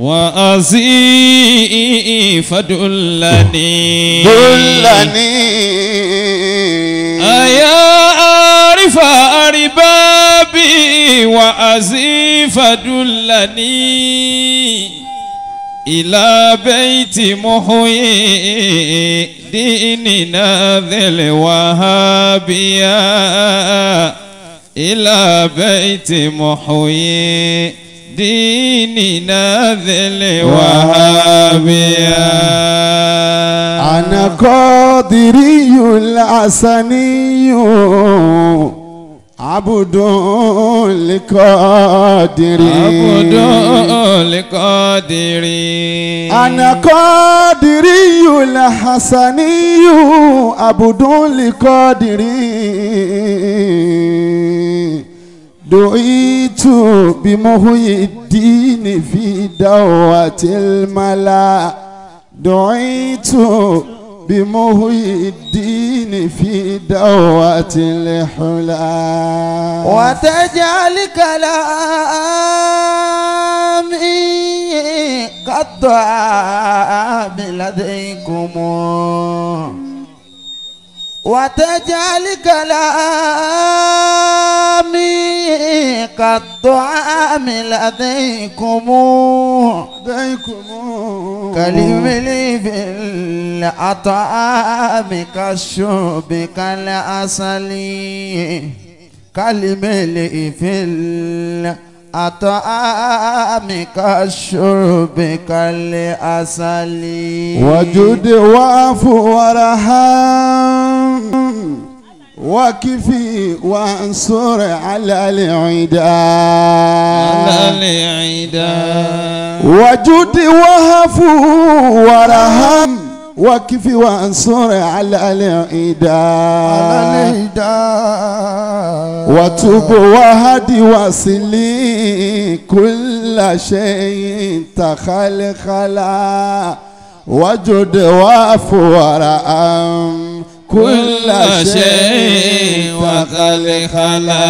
وأزي فدلني دلني أيا عارف أربابي وأزي فدلني إلى بيت محيي ديننا ذي الوهابية إلى بيت محيي ديننا ذي الوهابية أنا قادري الحسني عبد لقادر عبد لقادر أنا قادري الحسني عبد لقادر دعيت بمهي الدين في دعوة الملا دعيت بمهي الدين في دعوة الحلا وتجعل كلامي قد بلديكم وتجعل كلامي قد كالطعام لديكم لديكم لي في الأطعام كالشوب كلم لي في الأطعام أطعامك شربك لأصل وجد واعف وارحم وكفي وانصر على العدا على العدا وجد وهف ورحم وكفي وانصر على الاعداء وتوب وهدي وصلي كل شيء تخلخلا وجد وفورا كل شيء وخلخلا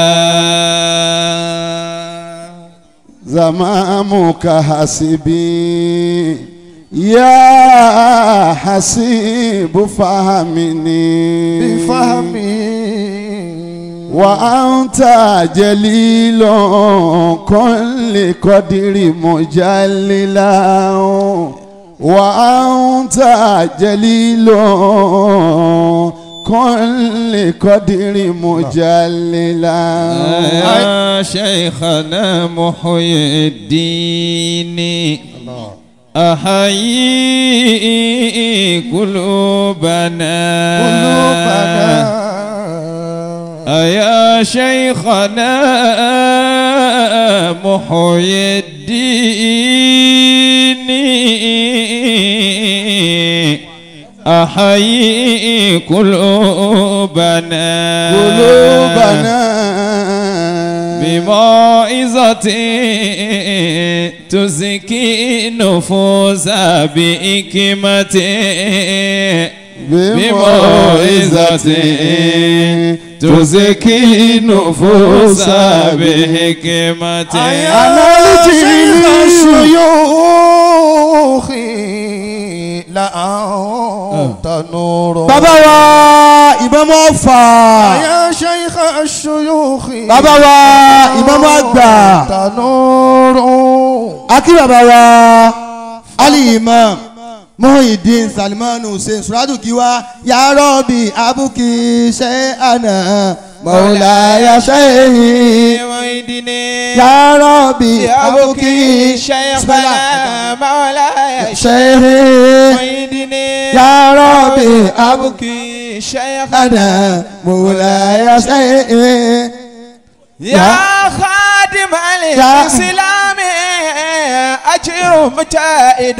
زمامك حسبي يا حسيب فهمني بفهمي وأنت جليل كل قدر مجللا وأنت جليل كل قدر مجللا يا شيخنا محي الدين أحيي قلوبنا قلوبنا يا شيخنا محي الدين أحيي قلوبنا قلوبنا بموعظتي تزكي النفوس بحكمتي بموعظتي تزكي النفوس بحكمتي أنا لجيل الشيوخ لا أنت نور بابا ìmáàmù ọ̀fà. àyà shaykh ash-shuyukh. bàbá wa ìmáàmù àgbà. tanuru. akí bàbá wa Ali imam muhyiddin Salman hussein suradu kiwa ya rabbi abuki shay'ana Ya shaykh. muhyiddin. ya rabbi abuki shay'ana Ya shaykh. muhyiddin. ya rabbi abuki. شيخنا مولاي سيد يا خادم الإسلام أجر متائد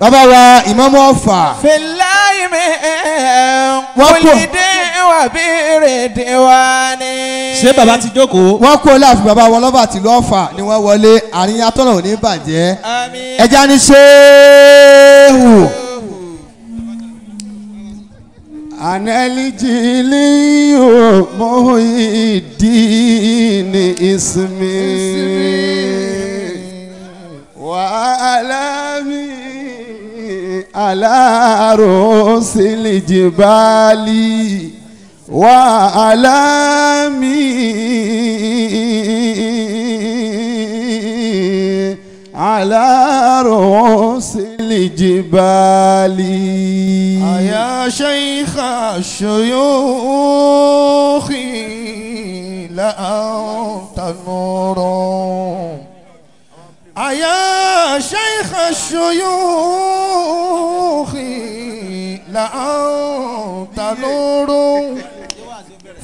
بابا وا إمام وفا في اللايم ولد وبير ديواني ṣé bàbá ti jókòó. wọ́n kó láàfin bàbá wọn lọ́ba tìlú ọ̀fà ni wọ́n wọlé àríyá tọ́lọ̀ ò ní bàjẹ́ ẹja ní ṣéèwù anelijiliyo muhyiddini ismi wa alami ala rusili jibali wa alami ala rusili. الجبال أيا شيخ الشيوخ لأنت نور أيا شيخ الشيوخ لأنت نور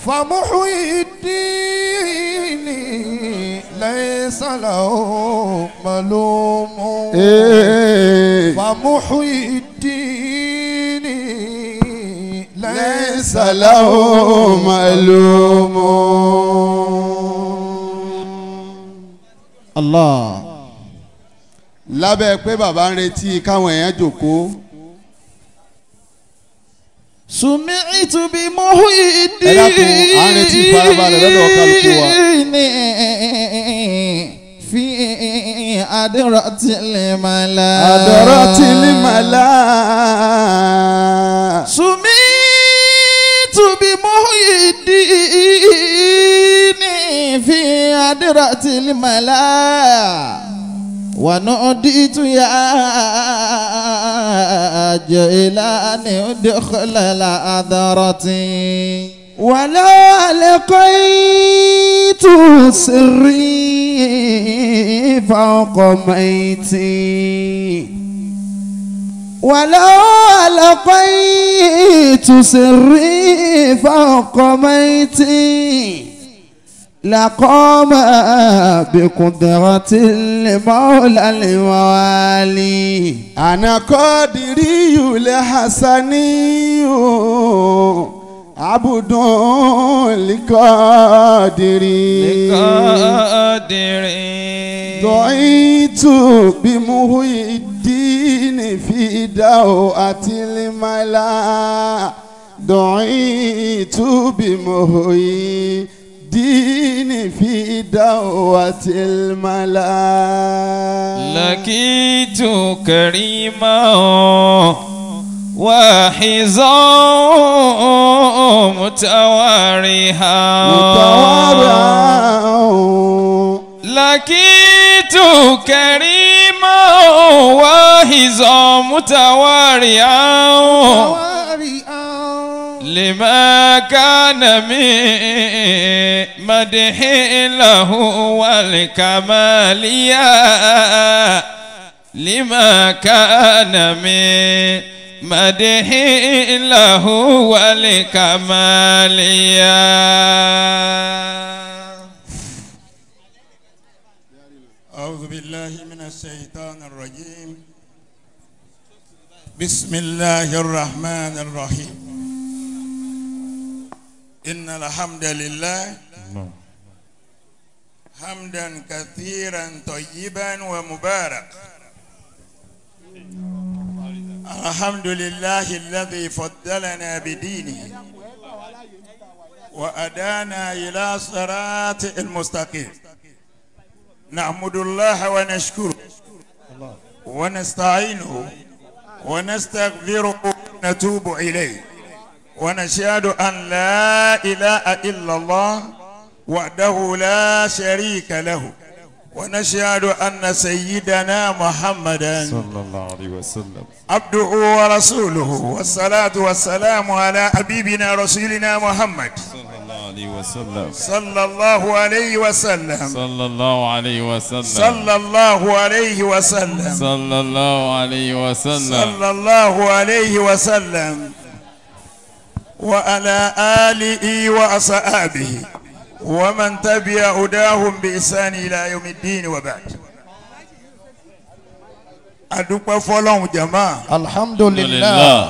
فمحيي الدين ليس له ملوم فمحيي الدين ليس له ملوم الله lábẹ́ pé bàbá ń retí káwọn sùnmí ìtùbí mọ́hú ìdí. ẹ fi adirati limala. adirati limala. sùnmí ìtùbí mọ́hú ìdí fi adirati limala. ونوديت يا جيلان ادخل لعذرتي ولو ألقيت سري فوق ميتي ولو ألقيت سري فوق ميتي لقام بقدرة المولى الوالي أنا قادري لحسني عبد لقادري لقادري دعيت بمهي الدين في دوءة الملا دعيت بمهي الدين في دوة الملا لقيت كريما وحزا متواريها متوارها لقيت كريما وحزا متوارها لما كان من مدح له يا لما كان من مدح له يا أعوذ بالله من الشيطان الرجيم بسم الله الرحمن الرحيم إن الحمد لله نعم. حمدا كثيرا طيبا ومبارك الحمد لله الذي فضلنا بدينه وأدانا إلى صراط المستقيم نحمد الله ونشكره ونستعينه ونستغفره ونتوب إليه ونشهد أن لا إله إلا الله وحده لا شريك له ونشهد أن سيدنا محمدا صلى الله عليه وسلم عبده ورسوله والصلاة والسلام على حبيبنا رسولنا محمد صلى الله عليه وسلم صلى الله عليه وسلم صلى الله عليه وسلم صلى الله عليه وسلم صلى الله عليه وسلم صلى الله عليه وسلم وعلى آله وأصحابه ومن تبع هداهم بإحسان إلى يوم الدين وبعد adúpẹ́ fọlọ́hún jama. alhamdulilah.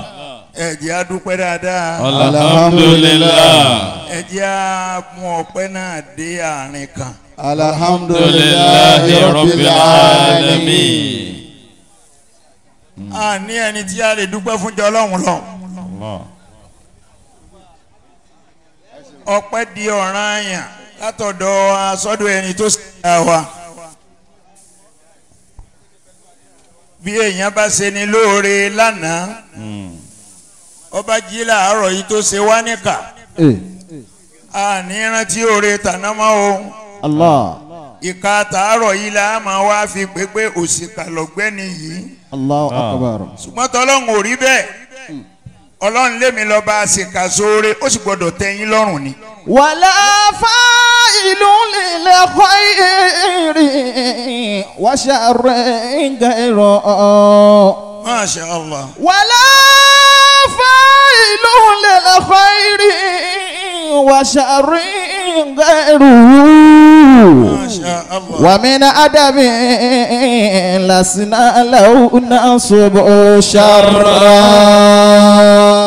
ẹ jẹ́ adúpẹ́ dáadáa. alhamdulilah. ẹ jẹ́ amú ọpẹ́ náà dé àárín kan. alhamdulilah rabbil alamin. a ní ẹni tí a lè dúpẹ́ fún jọlọ́hún lọ ọpẹ́ di ọ̀ranyàn látọ̀dọ̀ asọ́dọ̀ ẹni tó ṣẹ̀dá wa. bí èèyàn bá ṣe ni lóore lánàá ọba jí làárọ̀ yìí tó ṣe wá níkà àní rántí oore tàná mọ́ o. Allah ìka tàárọ̀ yìí la máa wá fi pé pé òṣìkà lọ́gbẹ́ni yìí. ṣùgbọ́n tọ́lọ́hún ò rí bẹ́ẹ̀ ọlọ́run lémi lọ bá a sì kà sóore ó sì gbọ́dọ̀ tẹ́yìn lọ́rùn ni. wàlá fa ìlú lílẹ̀ kọ́ ìrìn wáṣà rẹ̀ ń ga ẹ̀rọ. Masha Allah. fa ìlú lílẹ̀ kọ́ ìrìn wáṣà rẹ̀ ń ga ẹ̀rọ. Masha Allah. wàmínà ádámì làsínà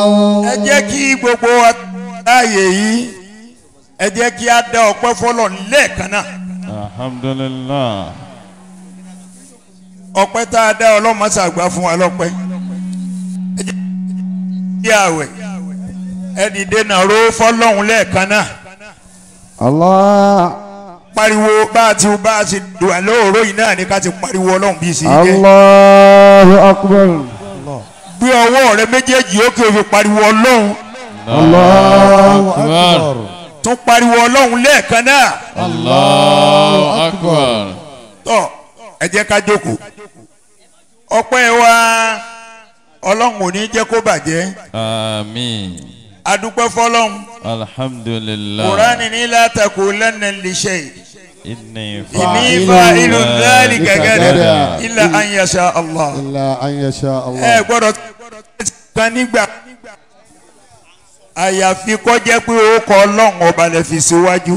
o. ẹ jẹ́ kí gbogbo ààyè yìí ẹ jẹ́ kí a dá ọpẹ́ fọlọ́ lẹ́ẹ̀kan náà. alhamdulilah. ọpẹ́ tá a dá ọlọ́mọṣà gbà fún wa lọ́pẹ́. ẹ jẹ́ kí àwẹ̀ ẹ dìde nàró fọlọ́hún lẹ́ẹ̀kan náà. Allah pariwo bá a ti bá a ti dùn àlọ́ òró yìí náà ni ká ti pariwo ọlọ́run bíi sí i jẹ́. Allahu akbar gbé ọwọ́ rẹ méjèèjì ó kí o fi pariwo ọlọ́run. Akbar. tún pariwo ọlọ́run lẹ́ẹ̀kan náà. Allahu Akbar. tọ́ ẹ jẹ́ ká jókòó ọpẹ́ wa ọlọ́run ò ní jẹ́ kó bàjẹ́. adúpẹ́ fọlọ́run. alhamdulillah. kùránì ní la takulanna li shay. إني فاعل ذلك غدا إلا أن يشاء الله إلا أن يشاء الله ẹ gbọ́dọ̀ kan nígbà àyàfi kó jẹ́ pé ó kọ Ọlọ́run ọba lè fi síwájú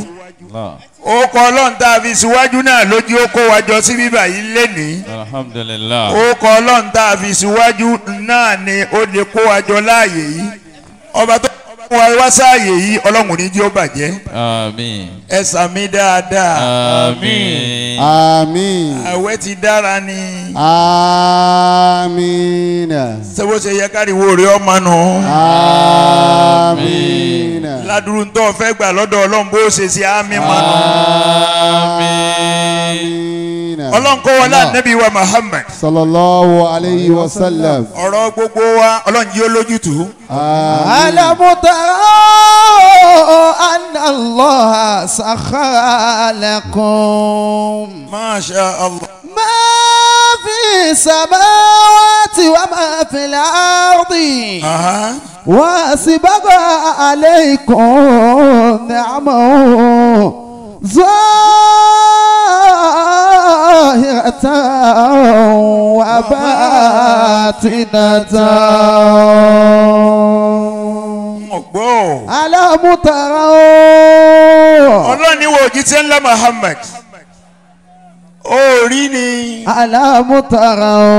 ó kọ Ọlọ́run tá a fi síwájú náà lójú ó kó wa jọ sí bíbà yìí lénìí alhamdulillah ó kọ Ọlọ́run tá a fi síwájú náà ni ó lè kó wa jọ láàyè yìí ọba tó mú wa wá sáàyè yìí ọlọ́run ní jẹ́ ó bàjẹ́. ẹ sàmì dáadáa. àmín. àmín. àwẹ̀ ti dára ni. àmín. ṣé bó ṣe yẹ káríwó rẹ ọmọ nù. àmín. ládùúrú tó fẹ́ gbà lọ́dọ̀ ọlọ́run bó ṣe ṣe àmín mọ́ nù. àmín ọlọ́run kó wọlé ànábì wa muhammed. sallallahu alayhi wa sallam. ọ̀rọ̀ gbogbo wa ọlọ́run yóò lójútu. alamuta anallaha sakhara lakum. masha allah. ma fi samawati wa ma fi l'ardi. وسبق عليكم نعمه زاد ظاهرة وباطنة gbọ́. aláàmútara o. ọlọ́ni wo òjíṣẹ́ ńlá Muhammad orí ni. aláàmútara o.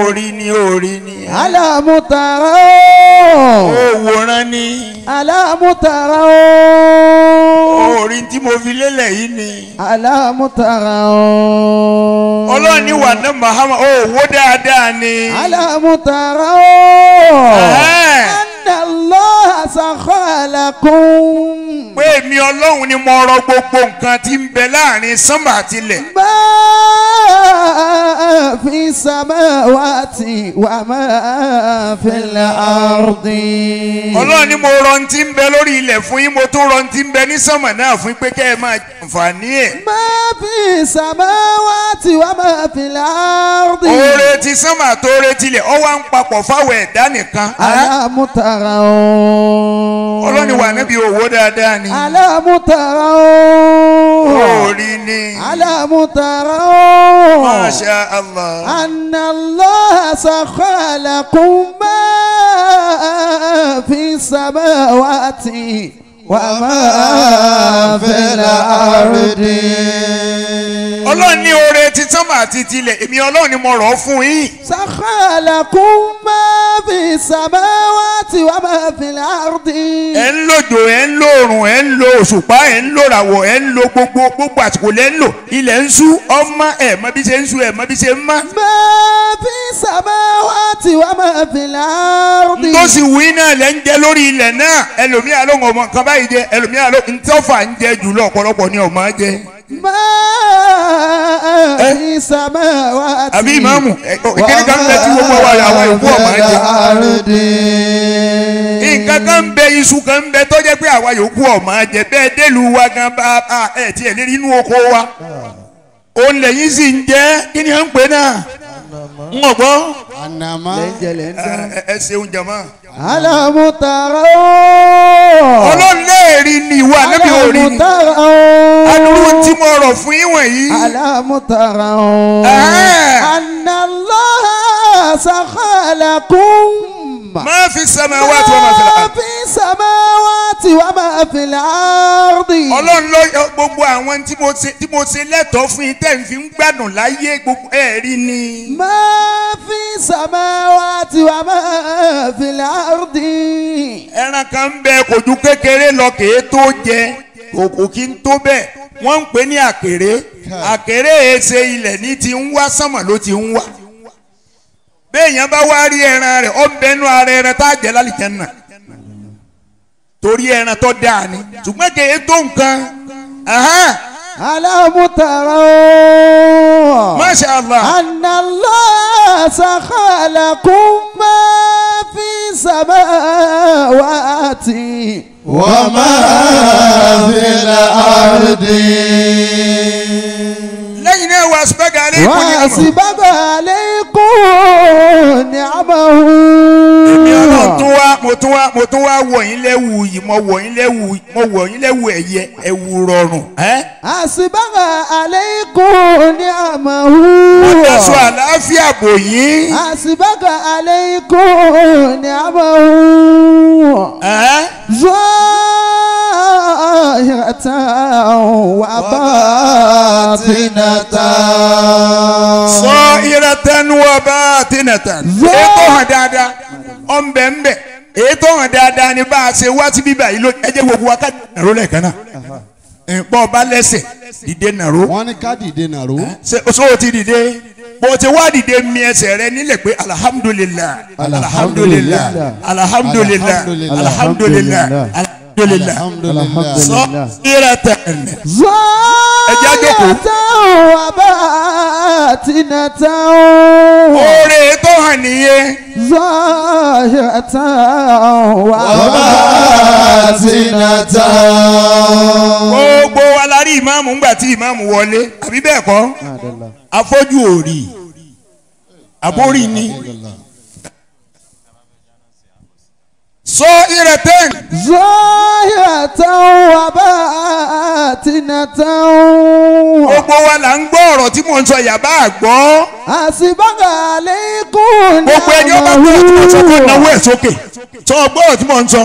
orí ni orí ni. aláàmútara o. òwòrán ni. aláàmútara o orin tí mo fi lélẹ̀ yìí ni. alámútara o. ọlọ́run ní wà ná mahama ó wó dáadáa ni. alámútara o. ẹ̀ẹ́. Allah sakhalakum. pé èmi ọlọ́run ni mo rọ gbogbo nǹkan tí ń bẹ láàrin sánmà tilẹ̀. máa fi samawati wa máa fil ardi. ọlọ́run ni mo rọ ti ń bẹ lórí ilẹ̀ fún yín mo tún rọ ti ń bẹ ní sánmà náà fún pé kẹ́ ẹ wa máa fil ardi. oore ti sánmà tó oore tilẹ̀ ọ wá ń papọ̀ fáwọn ẹ̀dá o. ọlọ́ni wà níbi òwò dáadáa ni. alamu o. orí ni. alamu o. masha allah. anna allah sakhara lakum ma fi samawati wa ma fi al-ardi ọlọ́run ní oore ti sánmà àti tilẹ̀ èmi ọlọ́run ni mo rọ̀ ọ́ fún yín. sàkàlà kún máa fi samawati wa máa fi l'ardi. ẹ ń lòjò ẹ ń lo òrùn ẹ ń lo òṣùpá ẹ ń lo ràwọ̀ ẹ ń lo gbogbo gbogbo àsìkò lẹ ń lò ilẹ̀ ń sú ọmọ ẹ mọ bí ṣe ń sú ẹ mọ bí ṣe ń mọ. máa fi samawati wa máa fi l'ardi. tó sì wí náà lẹ ń jẹ lórí ilẹ̀ náà ẹlòmíà ló ń ọmọ kan báyìí jẹ ẹlòmíà ló ń máa ní sàmà wá ti. àbí ìmáàmù ìkéde kan bẹ tí gbogbo àwọn àwọn ìwú ọmọ ẹ jẹ. nǹkan kan bẹ iṣu kan bẹ tó jẹ́ pé àwa yòókù ọmọ ẹ jẹ bẹ́ẹ̀ délùú wa gan bá ẹ tiẹ̀ lérí inú oko wa. òun lẹ́yìn sì ń jẹ́ kí ni à ń pè náà n ò gbọ́. ànàmọ́ lẹ́jẹ̀lẹ̀ ń tán. ẹ ṣeun jama. alamutara ooo. ọlọ́run lè rí ni ìwọ ànábì ò rí ni. alamutara ooo. adúrú tí mo rọ̀ fún yín wọ̀nyí. alamutara ooo. annallahu sakhalakum. Ma máa fi sẹ́mẹ̀ wá tí wọ́n máa fi la. máa fi sẹ́mẹ̀ wá tí wọ́n máa fi la ọ́rdì. ọlọ́run ló gbogbo àwọn tí mo ṣe lẹ́tọ̀ọ́ fún yín tẹ̀ ń fi ń gbádùn láyé gbogbo ẹ̀ ni. Ma fi sẹ́mẹ̀ wá tí wọ́n máa fi la ọ́rdì. ẹran kan ń bẹ kòjú kékeré lọ kèé tó jẹ kòkò kí n tó bẹ́ẹ̀ wọ́n ń pè ní àkèré àkèré èsè e ilẹ̀ ní ti ń wá sánmà ló ti ń wá béèyàn bá wá rí ẹran rẹ̀ ó bẹnu ara ẹran tá a jẹ lálìjẹ nà torí ẹran tó dáa ni ṣùgbọ́n kì í tó nǹkan. Alamu taro. Masha Allah. Anna Allah sakhalakum fi samawati. Wa ma fil ardi. Lẹ́yìn náà wà síbága alẹ́ ìkọ́ni. Wà síbága alẹ́ kó ní àbáwò. èmi ọlọ́run tún wá mo tún wá mo tún wá wọ̀nyín lẹ́wù yìí mo wọ̀nyín lẹ́wù mo wọ̀nyín lẹ́wù ẹ̀yẹ ẹ̀wù rọrùn. àṣìbára alẹ́ kó ní àbáwò. mo dáṣọ àlàáfíà bò yín. àṣìbára alẹ́ kó ní àbáwò. zọ́ọ́. ظاهرة وباطنة ظاهرة وباطنة ètò hàn dáadáa ọ̀nbẹ̀ ńbẹ̀ ètò hàn dáadáa ni bá a ṣe wá síbí báyìí ló ẹ jẹ́ gbogbo wa ká nàró lẹ́ẹ̀kan náà nǹkan ọba lẹ́sẹ̀ dìde nàró. wọ́n ní ká dìde nàró. ṣé o ti dìde bó ti wá dìde mi ẹsẹ̀ rẹ nílẹ̀ pé alihamudulilayi alihamudulilayi alihamudulilayi alihamudulilayi alhamdulillah sọ́ọ́rẹ́tẹ̀n. sọ́ọ́rẹ́tẹ̀n wà bá tinẹ̀tẹ̀n. oore tó hàn nìyẹn. sọ́ọ́rẹ́tẹ̀n wà bá tinẹ̀tẹ̀n. gbogbo wa la rí ìmáàmù ńgbà tí ìmáàmù wọlé àbí bẹ́ẹ̀ kọ́ afọ́jú òòrì àbórí ni. Zahiratan. Zahiratan wa batinatan. Gbogbo wa là ń gbọ́ ọ̀rọ̀ tí mò ń sọ yàbá àgbọ́. Àsìbága lẹ́kùn náà. Gbogbo ẹni ọba gbọ́ ọ̀rọ̀ tí mò ń sọ kó náwó ẹ̀ sókè. Sọ gbọ́ ọ̀rọ̀ tí mò ń sọ.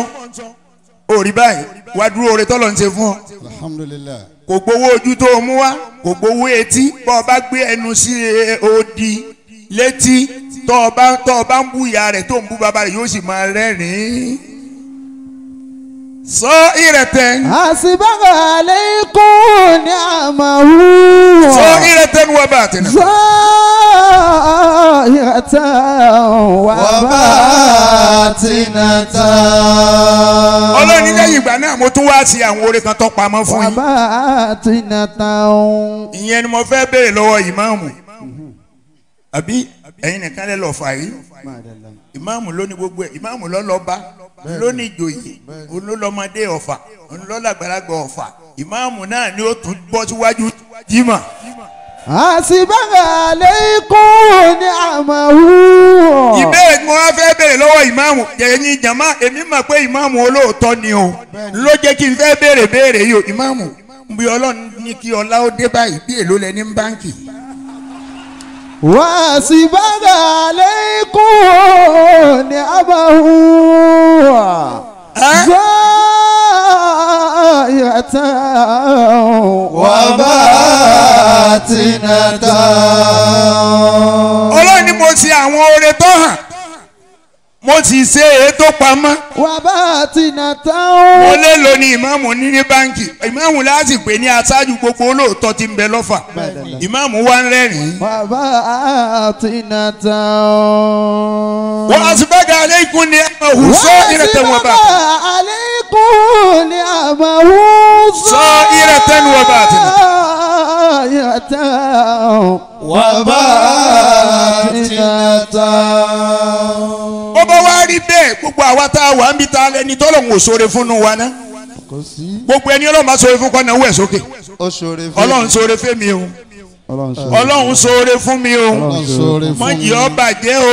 Òrí báyìí, wá dúró oore tọ́lọ̀ ń ṣe fún ọ. Alhamdulillah. Kò gbowó ojú tó o mú wá, kò gbowó etí, bọ́ ọ bá gbé ẹnu sí eh, odi létí tọ́ ọ bá tọ́ ọ bá ń bú ìyá rẹ̀ tó ń bú bàbá rẹ̀ yóò sì máa rẹ́rìn-ín. sọ ìrẹ̀tẹ̀. àṣìbára alẹ́ kú ní àmàwù. sọ ìrẹ̀tẹ̀ ní wọ́n bá àtẹnà. sọ ìrẹ̀tẹ̀ wọ́n bá àtẹnà tà. ọlọ́run nílẹ̀ ìgbà náà mo tún wá sí àwọn oore kan tó pamọ́ fún yín. wọ́n bá àtẹnà tà. ìyẹn ni mo fẹ́ béèrè lọ́wọ́ ìmáàmù àbí ẹ̀yin nìkan lẹ lọ fà yìí ìmáàmù ló ní gbogbo ẹ̀ ìmáàmù ló lọ bá ló ní ìjòyè olólọmọdé ọ̀fà olólàgbàlagbà ọ̀fà ìmáàmù náà ni ó tún bọ́ síwájú jímọ̀. àṣìbára lẹ́kọ̀ọ́ ní àmàwù. ìbéèrè tí mo wá fẹ́ béèrè lọ́wọ́ ìmáàmù ẹ̀yin jàmá èmi mọ̀ pé ìmáàmù olóòótọ́ ni o ló jẹ́ kí n fẹ́ béèrè béèrè yìí o ìmáàmù bí ọlọ́run ní kí ọlá ó dé báyìí bí èlò lẹ ní báńkì. وَأَسْبَغَ عَلَيْكُمْ نِعَمَهُ زَاهِرَةً وَبَاطِنَةً. Ọlọ́run ni mo ti àwọn oore tó hàn mo sì ṣe èyí tó pamọ́. wà bá ti nà tán o. mo lè lò ní ìmáàmù ní ní báńkì ìmáàmù láti pè ní aṣáájú gbogbo olóòótọ́ tí ń bẹ lọ́fà ìmáàmù wa ń rẹ́rìn-ín. wà bá ti nà tán o. wọ́n á sì bẹ́gà aleikum ní sọ ìrẹ̀tẹ̀ bá. wọ́n á sì bẹ́gà aleikum ní àmàhù sọ ìrẹ̀tẹ̀ bá ti nà. wà bọ́bọ́ wá rí bẹ́ẹ̀ gbogbo àwa tá a wà ń bí ta lẹni tọ́lọ́hún ò ṣoore fúnnu wa ná gbogbo ẹni ọlọ́run bá ṣoore fún kọ́ náà wẹ̀ sókè ọlọ́run ṣoore fún mi o ọlọ́run ṣoore fún mi o mọ̀jì ó bàjẹ́ o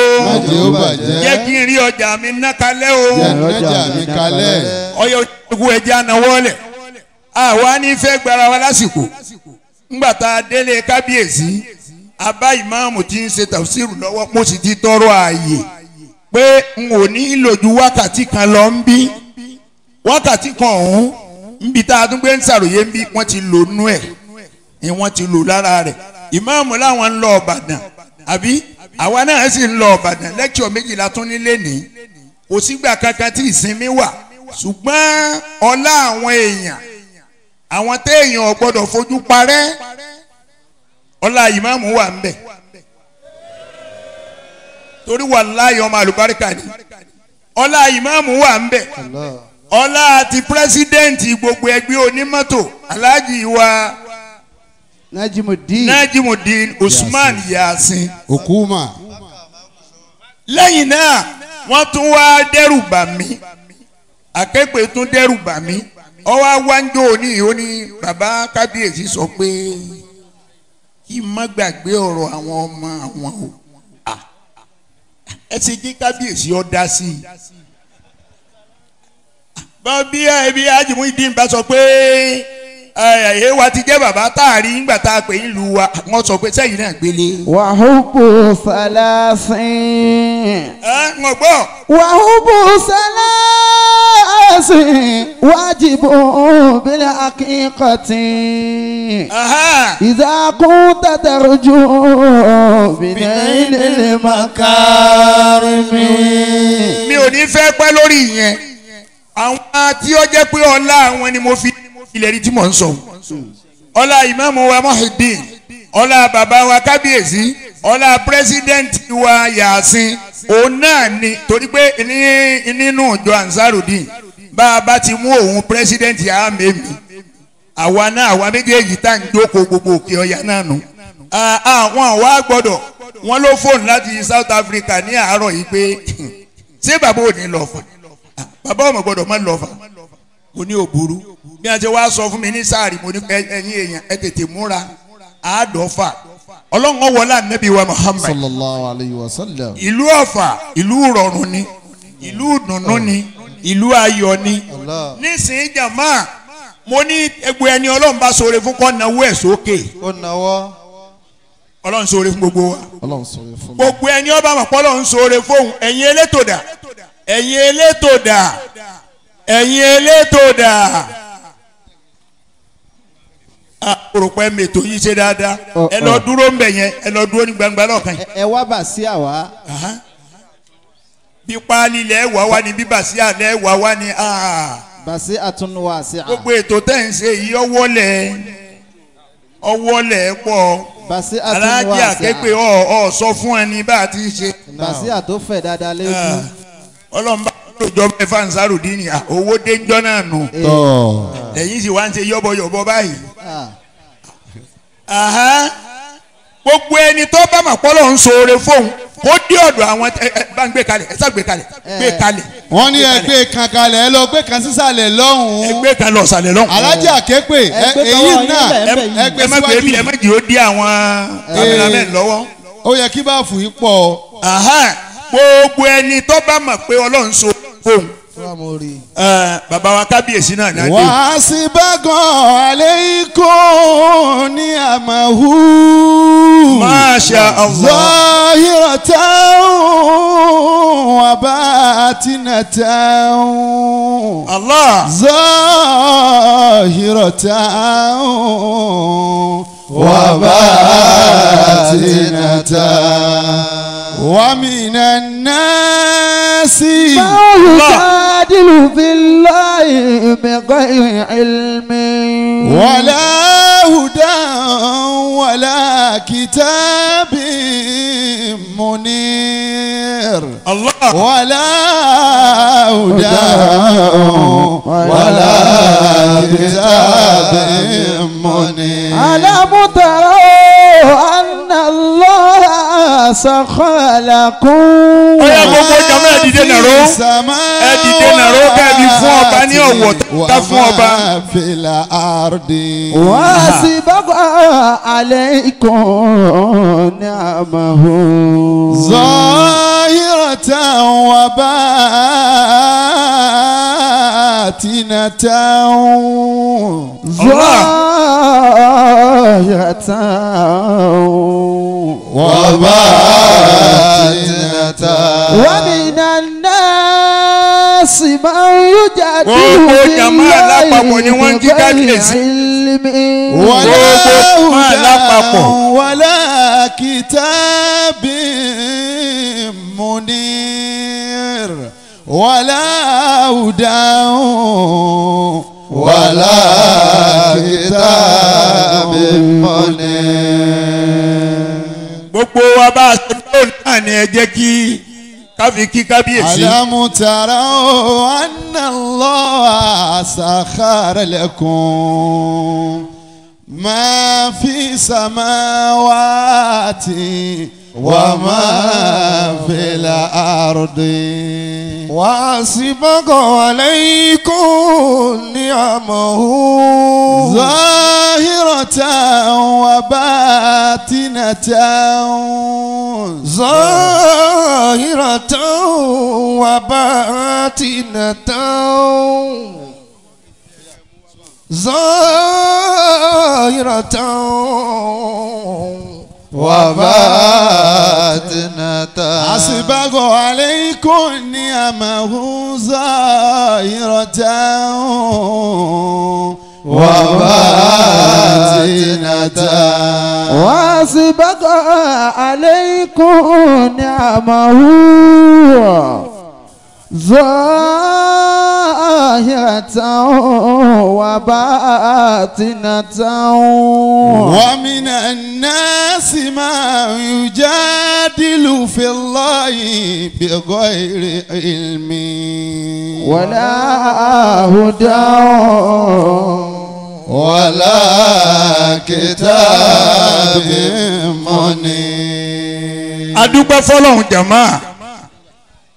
jẹ́ kí n rí ọjà mi ná kalẹ̀ o ọyọ ìṣègùn ẹja náwó lẹ̀ àwa ní fẹ́ gbára wa lásìkò ńgbà tá a délé kábíyèsí abá ìmáàmù tí ń ṣe tàfsírù lọ́wọ́ mo sì ti tọrọ ààyè. pé n ò ní lò ju wákàtí kan lọ ń bí wákàtí kan ọ̀hún níbi tá a tún gbé ń ṣàròyé ń bí wọ́n ti lò nú ẹ̀ ni wọ́n ti lò lára rẹ̀ ìmáàmù láwọn ń lọ ọ̀bàdàn àbí àwa náà sì ń lọ ọ̀bàdàn lẹ́kṣọ̀ méjìlá tún nílé ní kò sígbà kankan tí ìsinmi wà ṣùgbọ́n ọlá àwọn èèyàn àwọn téèyàn ò fojú parẹ́ ọlá ìmáàmù wà ń bẹ̀ torí wàláhì ọmọ àlùbáríkà ni ọlá ìmáàmù wà ń bẹ̀ ọlá ti pírẹsidẹ́ǹtì gbogbo ẹgbẹ́ onímọ́tò aláàjì wa. najimudin usman yasin. okuma. lẹ́yìn náà wọ́n tún wá dẹ́rù bà mí akẹ́pẹ́ tún dẹ́rù bà mí ọwọ́ awánjọ́ òní ìhó ni bàbá kábíyèsí sọ pé kí n má gbàgbé ọ̀rọ̀ àwọn ọmọ àwọn o ẹ ti jí kábíyèsí ọ dá sí i bọ́ bí ẹbí ajimu ìdí nbà sọ pé. Eh, wa ti jẹ́ bàbá tá a tá a pè ń lu wa wọ́n sọ pé sẹ́yìn náà gbélé. wàhùbù sàlásìn. ẹ eh, ń gbọ́. wàhùbù sàlásìn wájibù bílẹ̀ akínkọ̀tì. ìdákun tàtàrújú bìnnẹ́ ilé mi. mi ò ní fẹ́ pẹ́ lórí àwọn tí ó jẹ́ pé ọlá àwọn ni mo fi ilẹ̀ rí tí mò ń sọ ọlá ìmáàmù wa Muhyiddin ọlá bàbá wa kábíyèsí ọlá pírẹsidẹ́ǹtì wa Yasin òun náà ni torí pé nínú ìjọ Ansarudeen bá a bá ti mú òun pírẹsidẹ́ǹtì àmẹ́mi àwa náà àwa méjèèjì tá à ń jókòó gbogbo òkè ọ̀yà náà nù àwọn àwa gbọ́dọ̀ wọ́n ló fóònù láti South Africa ní àárọ̀ yìí pé ṣé bàbá ò ní lọ fún un bàbá ọmọ gbọ́dọ̀ má lọ fà mo ní òbúrú bí a ti wá sọ fún mi ní sáàrì mo ní ẹ̀yin èèyàn ẹ tètè múra àádọ́fà ọlọ́run wọlé ànábì wa Muhammad sallallahu alayhi wa sallam ìlú ọ̀fà ìlú rọrùn ni ìlú dùnnú ni ìlú ayọ̀ ni nísìnyí jàmá mo ní egbò ẹni ọlọ́run bá sóore fún kọ́ nawó ẹ̀ sókè. ó nawọ́. ọlọ́run sóore fún gbogbo wa. gbogbo ẹni ọba àmọ̀pọ̀ ọlọ́run sóore fóun ẹ̀yin elétòdà ẹ̀yin elétò dà ẹ̀yin elétò dà àròpẹ́ mètò yìí ṣe dáadáa ẹ lọ dúró ń bẹ̀ yẹn ẹ lọ dúró ní gbangba lọ́ọ̀kan yìí. ẹ wá bà sí àwa. bí páálí lẹ́ẹ̀ wá wá ní bí bà sí àlẹ́ wá wá ní. bàṣẹ àtúnwá sí à. gbogbo ètò tẹ̀ ń ṣe yìí ọwọ́ lẹ̀ ọwọ́ lẹ̀ pọ̀ aláàjì àkẹ́pẹ́ ọ̀ ọ̀ sọ fún ẹni bá a ti ṣe. bàṣẹ àtó fẹ̀ dáadáa lẹ́kùn ọlọ́mba lójọba ẹ̀ fansaru dín ní owó dé jọ́ náà nù eh. lẹ́yìn sì wá ń ṣe yọ́bọ̀yọ́bọ̀ báyìí ah. gbogbo ẹni tó bá mà pọ́lọ́ ń ṣoore fóun kó dé ọ̀dọ̀ àwọn ẹ bá ń gbé kalẹ̀ ẹ sá gbé kalẹ̀ eh. gbé kalẹ̀. wọ́n ní ẹ gbé kan kalẹ̀ ẹ lọ gbé kan sísàlẹ̀ lọ́hùn-ún. ẹ gbé kan lọ sàlẹ̀ lọ́hùn-ún. alájà képe èyí náà ẹ gbé síwájú. ẹ má jì ó dé àwọn kámẹ́rámẹ́ eh. lọ́wọ́. ó yẹ kí bá fù í pọ̀ gbogbo ẹni tó bá mọ̀ pé ọlọ́run so fóun. bàbá wa kábíyèsí náà náà dé. wàá sí bákan alẹ́ ní àmàhù. Masha Allah. zọ́hírọ̀ táwọn wàbá àtinà táwọn. Allah. zọ́hírọ̀ táwọn wàbá àtinà táwọn. ومن الناس من يجادل في الله بغير علم ولا هدى ولا كتاب منير الله ولا هدى ولا كتاب منير ألم تروا أن الله sàkọ́làkùn. ọyá gbogbo jọmọ ẹdìdẹ nàró ẹdìdẹ nàró kẹbi fún ọba ní ọwọ́ tá fún ọba. wà á sì a alẹ́ ikọ̀ ní àmàhó. zọ́hírọ̀tà wà bá tìǹtà zọ́hírọ̀tà. وباتنة ومن الناس من يجادل في الله بغير علم ولا هدى ولا كتاب منير ولا هدى ولا كتاب منير gbogbo wa bá a ṣe lónìí náà ni ẹ jẹ́ kí káfí kí kábíyèsí. alamu tara o anna Allah sakhara lakum ma fi samawati wa ma fil ardi. وحسبك عليكم نعمه ظاهرة وباطنة ظاهرة وباطنة ظاهرة وباتنا أسبغ عليكم نعمه ظاهرة وباتنة وأسبغ عليكم نعمه ظاهرة ظاهرة وباطنة ومن الناس ما يجادل في الله بغير علم ولا هدى ولا كتاب منير adúpẹ́ fọlọ́hún jàmáà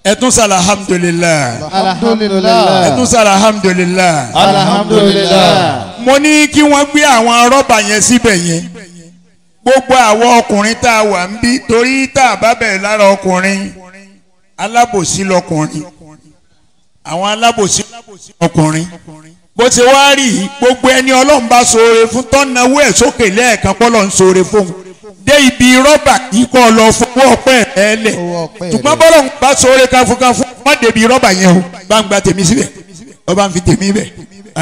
ẹtún sàlà alhamdulilayi alhamdulilayi ẹtún sàlà alhamdulilayi alhamdulilayi. mo ní kí wọ́n gbé àwọn rọ́bà yẹn síbẹ̀ yẹn gbogbo àwọn ọkùnrin tá a wà ń bí torí tá a bá bẹ̀rẹ̀ lára ọkùnrin alábòsí lọkùnrin àwọn alábòsí ọkùnrin bó ti wá rí gbogbo ẹni ọlọ́run bá ṣoore fún tọ́nawó ẹ̀ sókè lẹ́ẹ̀kan pọ́lọ́ ń ṣoore fóun dé ibi rọ́bà yìí kọ́ lọ fọwọ́ ọpẹ́ ẹ lẹ̀ tùmọ̀ bọ́lọ̀ ń bá sọ̀rọ̀ káfúkáfú má débi rọ́bà yẹn o gbangba tèmi síbẹ̀ ọba ń fi tèmi bẹ̀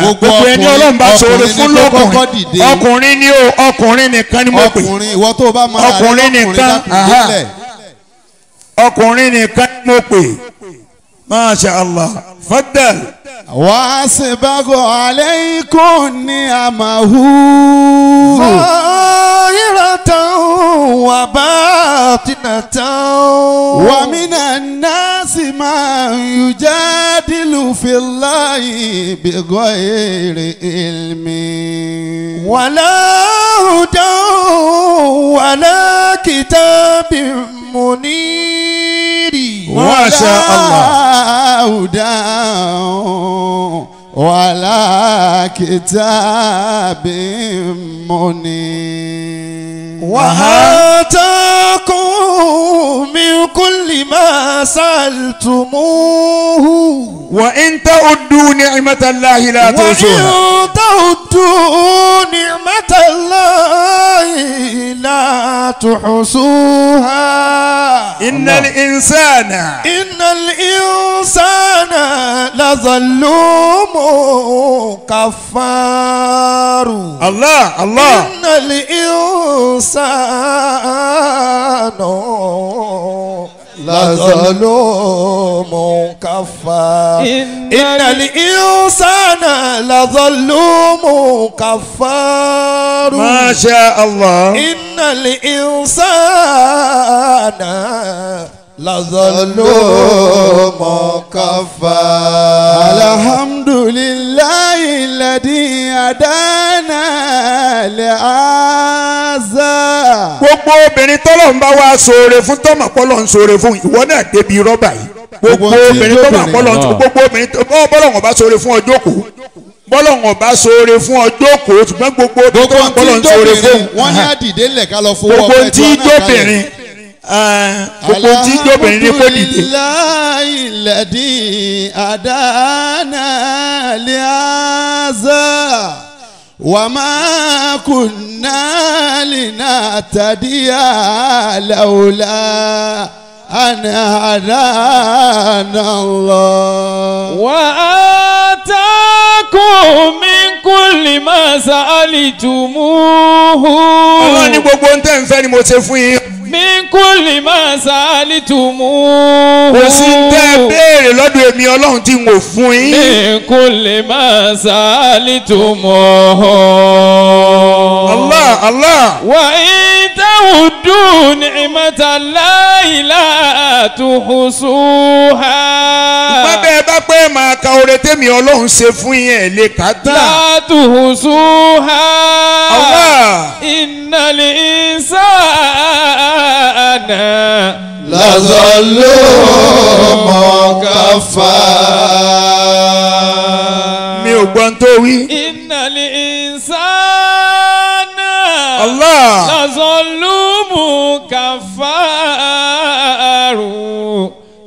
gbogbo ah, ẹni ọlọ́run bá sọ̀rọ̀ fún lọ́kùnrin ọkùnrin ni o ọkùnrin nìkan ni mo pè ọkùnrin nìkan ọkùnrin nìkan ni mo pè. ما شاء الله تفضل واسبغ عليكم نعمه ظاهرة وباطنة ومن الناس من يجادل في الله بغير علم ولا هدى ولا كتاب منير ما شاء الله داء ولا كتاب منير وآتاكم من كل ما سألتموه وإن تعدوا نعمة الله لا تحصوها وإن تعدوا نعمة الله لا تحصوها إن الإنسان إن الإنسان لظلوم كفار الله الله إن الإنسان الإنسان لظلوم كفار إن الإنسان لظلوم كفار ما شاء الله إن الإنسان لظلوا مكفى الحمد لله الذي هدانا لهذا gbogbo obìnrin tọ́lọ̀ ń bá wa ṣoore fún tọ́mọ̀ pọ́lọ̀ ń ṣoore fún ìwọ náà débi rọ́bà yìí gbogbo obìnrin tọ́mọ̀ pọ́lọ̀ ń gbogbo obìnrin tọ́mọ̀ pọ́lọ̀ ń bá ṣoore fún ọjọ́ kù bọ́lọ̀wọ̀n bá ṣoore fún ọjọ́ kò ṣùgbọ́n gbogbo obìnrin tọ́mọ̀ pọ́lọ̀ ń ṣoore fún gbogbo tí jóbìnrin gbogbo tí jóbìnrin ní kò dìde. alhamdulilayi ladi adana liaza wàmà kunna lina tadiya lawla an hadana Allah. wa atakum min kúlì máa sa ọlọ́run ní gbogbo ohun tẹ́ ń fẹ́ ni mo ṣe fún yín. mi kúlì máa sa kò sí tẹ́ béèrè lọ́dọ̀ èmi ọlọ́run tí n fún yín. mi kúlì máa sa Allah Allah. wa yín. تعدوا نعمة الله لا تحصوها. bá bẹ́ẹ̀ bá pẹ́ máa ka oore tẹ́mi ọlọ́run ṣe fún yẹn lè ká tán. لا تحصوها. Allah. إن الإنسان لظلوم كفار. mi ò gbọ́n tó wí. إن الإنسان. Allah. لظلوم. كفار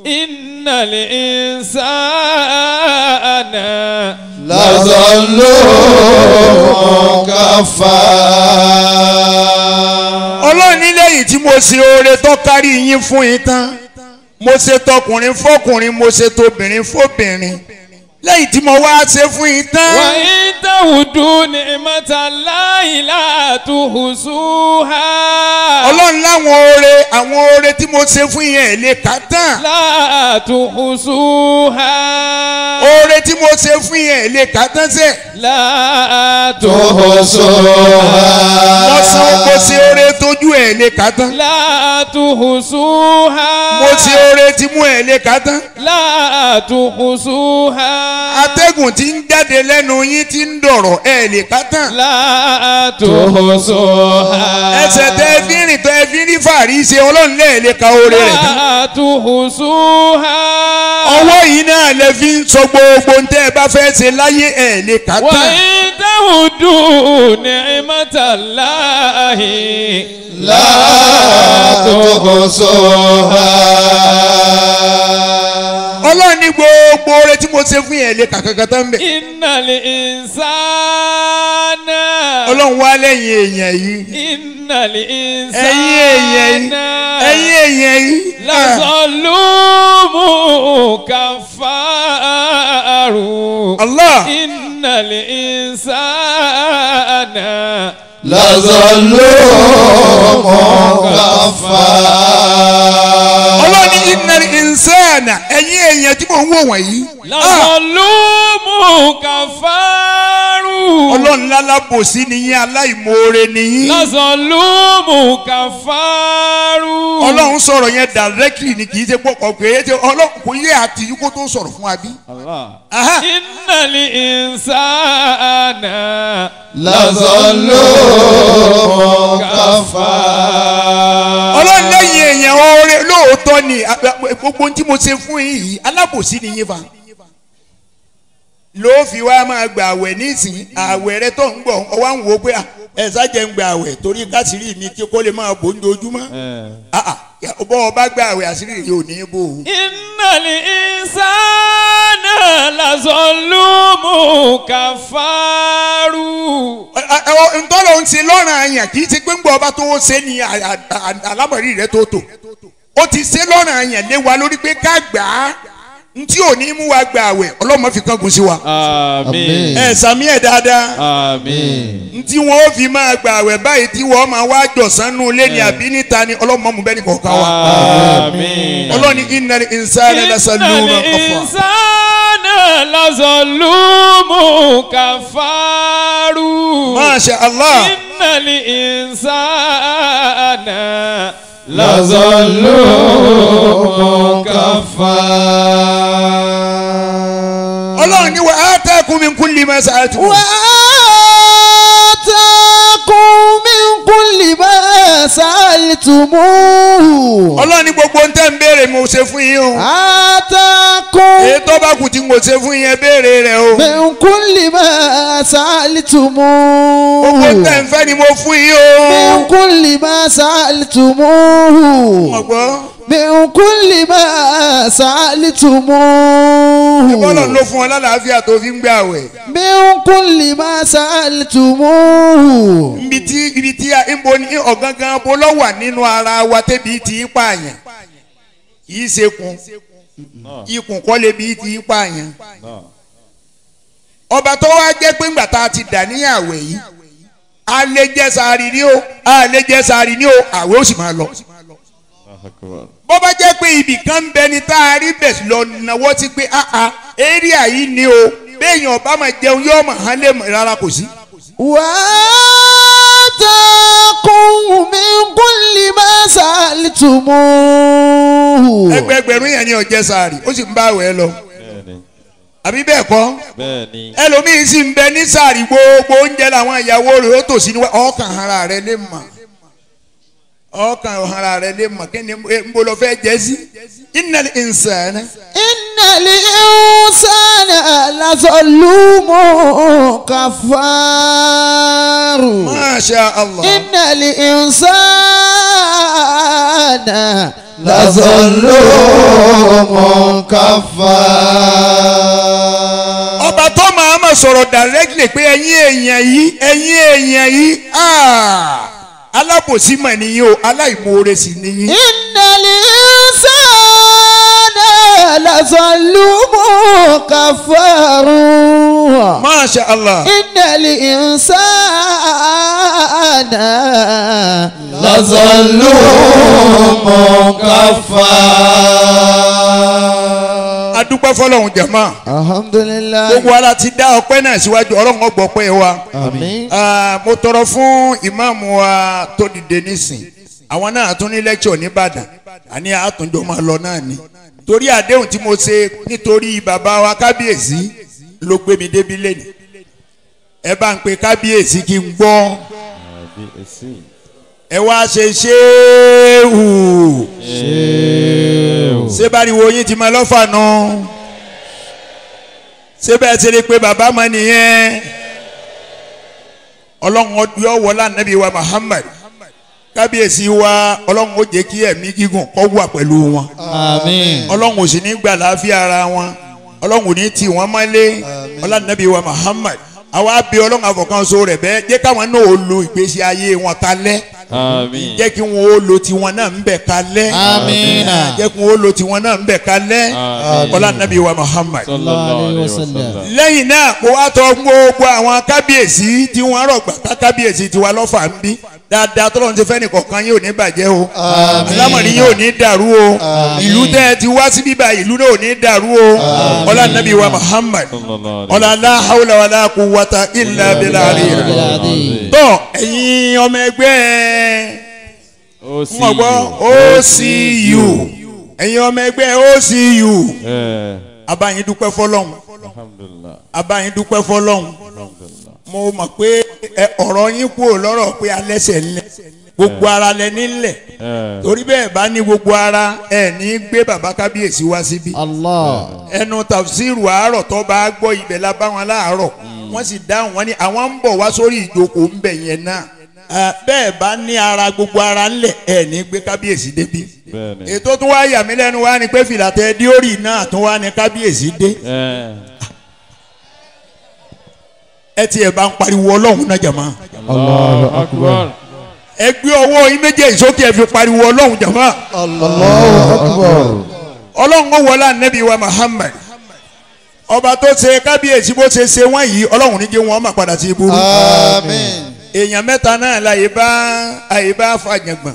إن الإنسان لظلوم كفار ọlọ́run ní lẹ́yìn tí mo ṣe oore tó kárí yín fún yín tán mo ṣe tọkùnrin fọkùnrin mo ṣe tobìnrin fóbìnrin lẹ́yìn tí mo wá ṣe fún yín tán. wà á dáwùdú ní ìmọ̀ta láìlá tó hùsù ha. ọlọ́run láwọn oore àwọn oore tí mo ṣe fún yín ẹ̀ lè kà tán. láàtò hùsù oore tí mo ṣe fún yín ẹ̀ lè kà tán sẹ́. láàtò hùsù ẹ̀ lè kà tán. látùkùsù ha. mo ti oore ti mú ẹ̀ lè kà tán. látùkùsù ha. atẹ́gùn tí ń jáde lẹ́nu yín tí ń dọ̀rọ̀ ẹ̀ lè kà tán. látùkùsù ha. ẹsẹ̀ tẹ fi rìn tẹ fi rí fàárí ṣe ọlọ́run lẹ́ẹ̀ lè ka oore rẹ̀ tán. látùkùsù ọwọ́ yìí náà lè fi ń sọ gbogbo ntẹ́ ẹ bá fẹ́ ṣe láyé ẹ̀ lè kà tán. wọ́n ń تعودوا نعمة الله لا تحصوها ọlọ́run ní gbogbo oore tí mo ṣe fún yẹn lè kà tán bẹ̀. innal insana. ọlọ́run wá lẹ́yìn èèyàn yìí. innal insana. ẹ̀yìn èèyàn yìí. ẹ̀yìn èèyàn yìí. lazalumu ah. kafaru. Allah. إن الإنسان لظلوم كفار ọlọ́ni ìnẹ̀rì ìnsẹ́ẹ̀nà ẹ̀yin èèyàn tí mò ń wò wọ̀nyí. lọ́sọ̀lùmù kàfáà ọlọ́run lálábòsí nìyí aláìmoore nìyí. lọ́sàn-án lùmù ọlọ́run sọ̀rọ̀ yẹn directly ni kì í ṣe pọ̀pọ̀ pé ọlọ́run kò yé àtìyí kó tó sọ̀rọ̀ fún wa bí. ìnàlí ìnsánà lọ́sàn-án lùmù kàfárù. ọlọ́run lẹ́yìn èèyàn ọ̀rẹ́ lóòótọ́ ni gbogbo ohun tí mo ṣe fún yìí alábòsí nìyí fa ló fi wá máa gba àwẹ̀ nísìnyí àwẹ̀ rẹ tó ń gbọ̀ ọwọ́ ń wo pé ẹ sájẹ́ ń gba àwẹ̀ torí káṣírí mi kí kó lè máa bò ń dojúmọ́ bọ́ ọ bá gba àwẹ̀ àṣírí rẹ yóò ní í bò. innal insana lazalumun kafaru. ntọ́lọ̀ ń ṣe lọ́rùn àyàn kì í ṣe pé ń gbọ́ ọba tó ṣe ni alámọ̀rí rẹ tó tò ó ti ṣe lọ́rùn àyàn léwa lórí pé ká gbà á ntí ò ní mú wa gba àwẹ̀ ọlọ́mọ fi kángun sí wa. àmín. ẹ sàmí ẹ dáadáa. àmín. ntí wọn ó fi máa gba àwẹ̀ báyìí tí wọn máa wá jọ̀sánú lẹ́ni àbí níta ni ọlọ́mọ mú bẹ́ẹ̀ ni kọ̀ọ̀kan wa. àmín. ọlọ́ni innal insana lazalumun kafar. innal insana lazalumun kafaru. masha Allah. innal insana lazalo kafa. ọlọ́run ni wà á tẹ́kùn mi kún lè máa ṣáájú. wà á. sa'altumuhu. ọlọ́run ní gbogbo ń tẹ́ ń béèrè mo ṣe fún yín o. àtàkùn. èyí tó bá kù tí mo ṣe fún yín ẹ béèrè rẹ o. min kulli ma sa'altumuhu. gbogbo ń tẹ́ ń fẹ́ ni mo fún yín o. min kulli ma sa'altumuhu. ọgbọ́n min kulli ma sa'altumu. ìbọ́lọ̀ ló fún ọ lálàáfíà tó fi ń gbé àwẹ̀. min kulli ma sa'altumu. ibi tí ibi tí ibo ní ọ̀gángan bo lọ wà nínú ara wa tẹ́bi ti ń pààyàn yìí ṣekun ikùn kọ́lé bí ti ń pààyàn. ọba tó wá jẹ́ pé ńgbà tá a ti dà níyàwẹ̀ yìí a jẹ́ sàárì ní o a jẹ́ sàárì ní o àwẹ̀ ó sì máa lọ. bó bá jẹ́ pé ibì kan ń bẹ ni tá a rí bẹ̀ lọ náwó ti pé áá ah, ah, area yìí ni o béèyàn ọba máa jẹun yóò máa hán lè mọ̀ rárá kò sí. wàá tẹ kún mi kún lè má sàlì tùmù. ẹgbẹgbẹ̀rún yẹn ni ọjẹ sàárì ó sì ń bá àwẹ̀ lọ àbí bẹ́ẹ̀ kọ́ ẹlòmíín sì ń bẹ ní sàárì gbogbo oúnjẹ làwọn ìyàwó rẹ̀ ó tòsí ọkàn ara rẹ̀ lè mọ̀. ọkàn ọ̀hánra rẹ lè mọ̀ kí ni nbolo fẹ́ jẹ́ sí. innal insana. innal insana lazalumu kafaru. masha allah. innal insana lazalumu kafaru. ọba tó máa ma sọ̀rọ̀ directly pé ẹ̀yin èèyàn yìí ẹ̀yin èèyàn yìí. Ah! alábòsí mà nìyí o aláìmoore sì nìyí. ìnàlí sọ́ọ̀dẹ̀ lọ́sọ̀lùmọ̀ kàfàrù. masha allah. ìnàlí sọ́ọ̀dẹ̀ lọ́sọ̀lùmọ̀ kàfàrù dúpẹ́ fọlọ́run jẹ̀mọ́. alhamdulilayi. gbogbo ara ti dá ọpẹ́ náà síwájú ọlọ́run ó gbọ́ wa. àmín. Ah, mo tọrọ fún ìmáàmù wa tó dìde nísìn àwọn náà tún ní lẹ́kṣọ̀ nìbàdàn àní àtúnjọ máa lọ náà ni torí àdéhùn tí mo ṣe nítorí bàbá wa kábíyèsí ló gbé mi débi lẹ́nu ẹ bá ń pe kábíyèsí kí n gbọ́ ẹ wá ṣe ṣéèwù ṣé báriwo yín ti máa lọ́fà nu ṣé bẹ́ẹ̀ ṣe lè pe bàbá mọ́ nìyẹn ọlọ́run yóò wọ lánàbí wa Muhammad kábíyèsí wa ọlọ́run ó jẹ́ kí ẹ̀mí gígùn kó wà pẹ̀lú wọn àmín ọlọ́run ò sì ní gbà láàfin ara wọn ọlọ́run ò ní tì wọ́n mọ́lé ọlánàbí wa Muhammad àwa bí ọlọ́run àfọ̀kànso rẹ̀ bẹ́ẹ̀ jẹ́ káwọn náà ó lo ìgbésí ayé wọn kalẹ̀ àmín jẹ́ kí wọn ó lo tiwọn náà ń bẹ̀ kalẹ̀ àmín jẹ́ kí wọn ó lo tiwọn náà ń bẹ̀ kalẹ̀ ọlá nàbí wa Muhammad lẹ́yìn náà kó wá tọ́ gbogbo àwọn kábíyèsí tí wọ́n rọ̀gbà ká kábíyèsí tiwa lọ́fà ń bí dáadáa tọ́lọ́run ti fẹ́ nìkọ̀ọ̀kan yóò ní bàjẹ́ o alámọ̀rí yóò ní dàrú o ìlú tẹ́ ẹ ti wá sí bíbá ìlú náà ò ní dàrú o ọlá nàbí wa Muhammad ọlá aláhàwùlà wàlá kú wa quwwata illa billahi. tọ́ ẹ̀yin ọmọ ẹgbẹ́ mọ̀ gbọ́ OCU ẹ̀yin ọmọ ẹgbẹ́ OCU eh. abayin dúpẹ́ fọlọ́hún abayin dúpẹ́ fọlọ́hún mo mọ̀ pé ọ̀rọ̀ yín kúrò lọ́rọ̀ pé alẹ́sẹ̀ ńlẹ̀ gbogbo eh. ara lẹ nílẹ̀ eh. torí bẹ́ẹ̀ bá ní gbogbo ara ẹ ní gbé bàbá kábíyèsí wá síbí ẹnu tafsiru àárọ̀ tó bá gbọ́ ibẹ̀ la bá wọn láàárọ̀. Mm. wọ́n sì dáhùn wọ́n ní àwọn ń bọ̀ wá sórí ìjoko ń bẹ̀ yẹn náà bẹ́ẹ̀ bá ní ara gbogbo ara ńlẹ̀ ẹ̀ ní gbé kábíyèsí bí. ètò tó wá yà mí lẹ́nu wá ni pé fìlà tẹ diori náà tó wá ní kábíyèsí dé ẹ ti ẹ̀ bá ń pariwo ọlọ́run náà jàmá. Allahu Akbar. ẹ ọwọ́ yín méjèèjì sókè ẹ fi pariwo ọlọ́run jàmá. Allahu Akbar. ọlọ́run ó wọlé ànábì wa Muhammad. ọba tó ṣe kábíyèsí bó ṣe ṣe wọ́n yìí ọlọ́run ní jẹ́ wọn máa padà sí ibú. èèyàn mẹ́ta náà la bá àyè bá fàjàngbọ̀n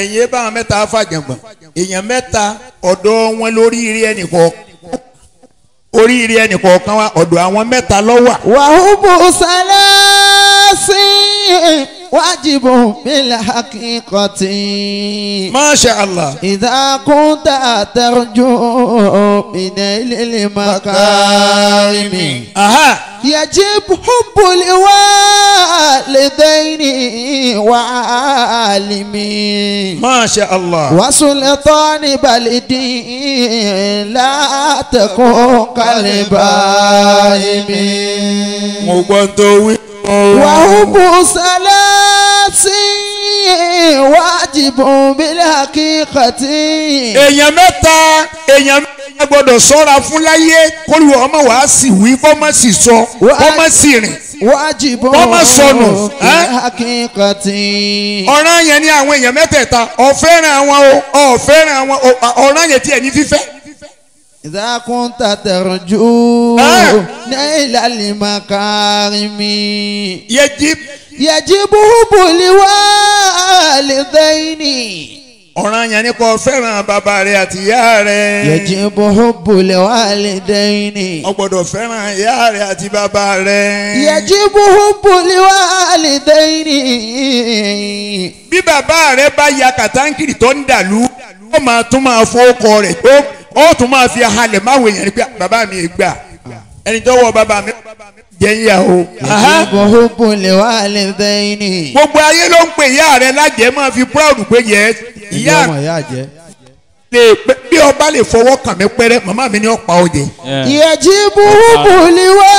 èyí bá àwọn mẹ́ta fàjàngbọ̀n èèyàn mẹ́ta ọ̀dọ̀ wọn lórí ire ẹnìkan oríire ẹnìkọ̀ọ̀kan wa ọ̀dọ̀ àwọn mẹ́ta ló wà. wàhùbù sálásí واجب بالحقيقة ما شاء الله إذا كنت ترجو من المكارم أها يجب حب الوالدين وعالمين ما شاء الله وسلطان بلدين لا تكون كالبائمين وحب سلام wájibun bílẹ̀ àkíkàtì. èèyàn mẹ́ta èèyàn mẹ́ta ẹ gbọ́dọ̀ sọ́ra fún láyé kólu ọmọ wàá sì wí fọmọ sì sọ fọmọ sì rìn fọmọ sọnù. ọ̀ràn yẹn ni àwọn èèyàn mẹ́tẹ̀ẹ̀ta ọ̀fẹ́ràn wọn o ọ̀fẹ́ràn wọn ọ̀ràn yẹn tiẹ̀ ní fífẹ́. إذا كنت ترجو نيل المكارم يجب يجب حب الوالدين ọ̀ràn yẹn ni kò fẹ́ràn bàbá rẹ̀ àti ìyá rẹ̀. yẹ̀jì bòhó bolẹ̀ wà ni. o gbọ́dọ̀ fẹ́ràn ìyá rẹ̀ àti bàbá rẹ̀. yẹ̀jì bòhó bolẹ̀ wà lè dẹ́yìn ni. bí bàbá rẹ̀ bá ya kàtàǹkìrì tó ń dàlú ó máa tún máa fọ́ ọkọ rẹ̀ tó ó tún máa fi halẹ̀ máwò èèyàn ni pé bàbá mi gbà ẹni tó wọ bàbá mi jẹ ìyá o. ìbò húbù lè wá lè bẹ́ẹ̀ ni. gbogbo ayé ló ń pè ìyá rẹ lájẹ máa fi proud pé yẹ ìyá rẹ lè bí ọba lè fọwọ́ kàn mí pẹ́rẹ́ màmá mi ni ọ̀pá ọ̀jẹ̀. ìyẹ̀jì burúkú ni wá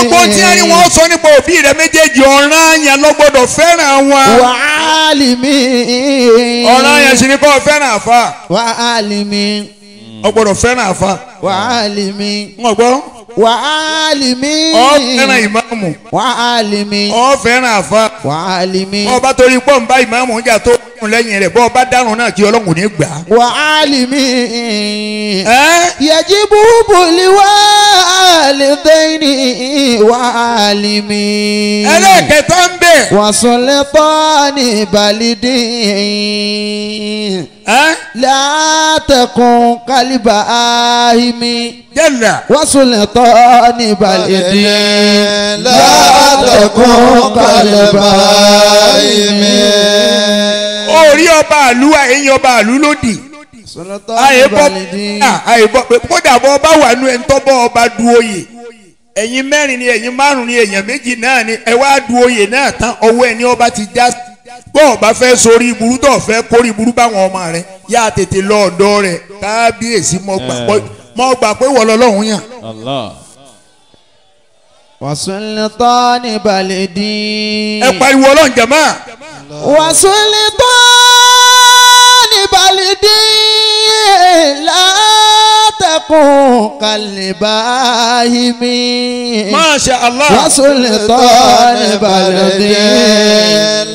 gbogbo tí ẹni wọn sọ nípa òbí rẹ méjèèjì ọ̀ràn yẹn ló fẹ́ràn wọn. wàhálì mi. ọ̀ràn yẹn sì ni kò fẹ́ràn àfa. wàhálì mi. ó fẹ́ràn àfa. wàhálì mi. ń gbọ́ wà á lì mí. ọ fẹ́ràn ìmáàmù. wà á lì mí. ọ fẹ́ràn àfa. wà á lì mí. ọba torí pọ́ ń bá ìmáàmù ń jà tó kún lẹ́yìn rẹ̀ bọ́ ọba dárun náà kí ọlọ́run ní gbà. wà á lì lè wá lè bẹ́ẹ̀ ni ẹlẹ́kẹ̀tọ́ ń bẹ̀. wàsánlẹ̀ tọ́ ní balidin. ẹ. kálíbà áhìmí. jẹ́lá. wàsánlẹ̀ tọ́ níbalẹ̀dì látẹ̀kùn kálẹ̀bà ìmí. orí ọba àlú àyẹ̀yìn ọba àlú lòdì àyẹ̀bọ̀ àyẹ̀bọ̀ kódà bọ́ ọba wà nù ẹ̀ ń tọ́ bọ́ ọba du oyè ẹ̀yin mẹ́rin ni ẹ̀yin márùn-ún ni èèyàn méjì náà ni ẹ wá du oyè náà tán ọwọ́ ẹni ọba ti já bọ́ ọba fẹ́ sórí burú tó fẹ́ kórìí burú báwọn ọmọ rẹ̀ yá tètè lọ ọ̀dọ̀ rẹ̀ kábíyèsí mọ́ gbàgbọ́. Eh mo gbà pé wọ́n lọ́lọ́run yàn. wàsúlítọ́ ní balẹ̀ dín. ẹ pariwo ọlọ́run jẹ̀mọ́. wàsúlítọ́ balidi látẹ̀kùn kalibahimi. Masha Allah. wasulitọ́ni balidi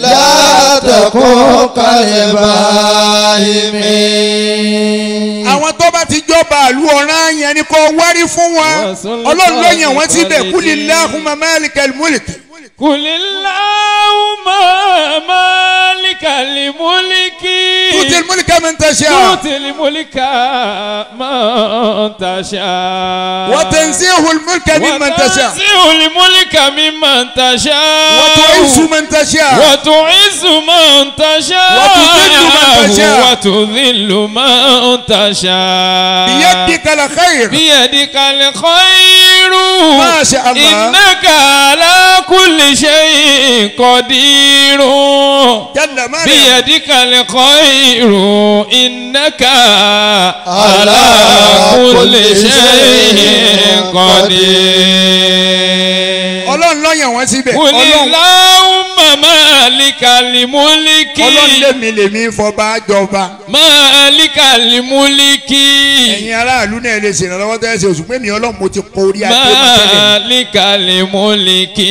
látẹ̀kùn kalibahimi. àwọn tó bá ti jọba àlú ọ̀ràn yẹn ni kò wárí fún wọn ọlọ́run ló yàn wọ́n síbẹ̀ kúlilláhumma málikal mulk. قل اللهم مالك الملك تؤتي الملك من تشاء تؤتي الملك من تشاء وتنزيه الملك ممن تشاء وتنزيه الملك ممن تشاء وتعز من تشاء وتعز من تشاء وتذل من تشاء بيدك الخير بيدك الخير ما شاء الله إنك على kulli shay'in qadirun biyadika l-khayru innaka ala kulli shay'in qadir. ọlọ́run ló yàn wọ́n síbẹ̀. qul Allahumma malikal mulk múlíkì. ọlọ́run lèmi lèmi fọba jọba. máàlíkà lè múlíkì. ẹ̀yin aráàlú náà lè ṣèrànlọ́wọ́ tẹ́lẹ̀ ṣe oṣù pẹ́mi ọlọ́run mo ti kọ orí adé máa tẹ́lẹ̀. máàlíkà lè múlíkì.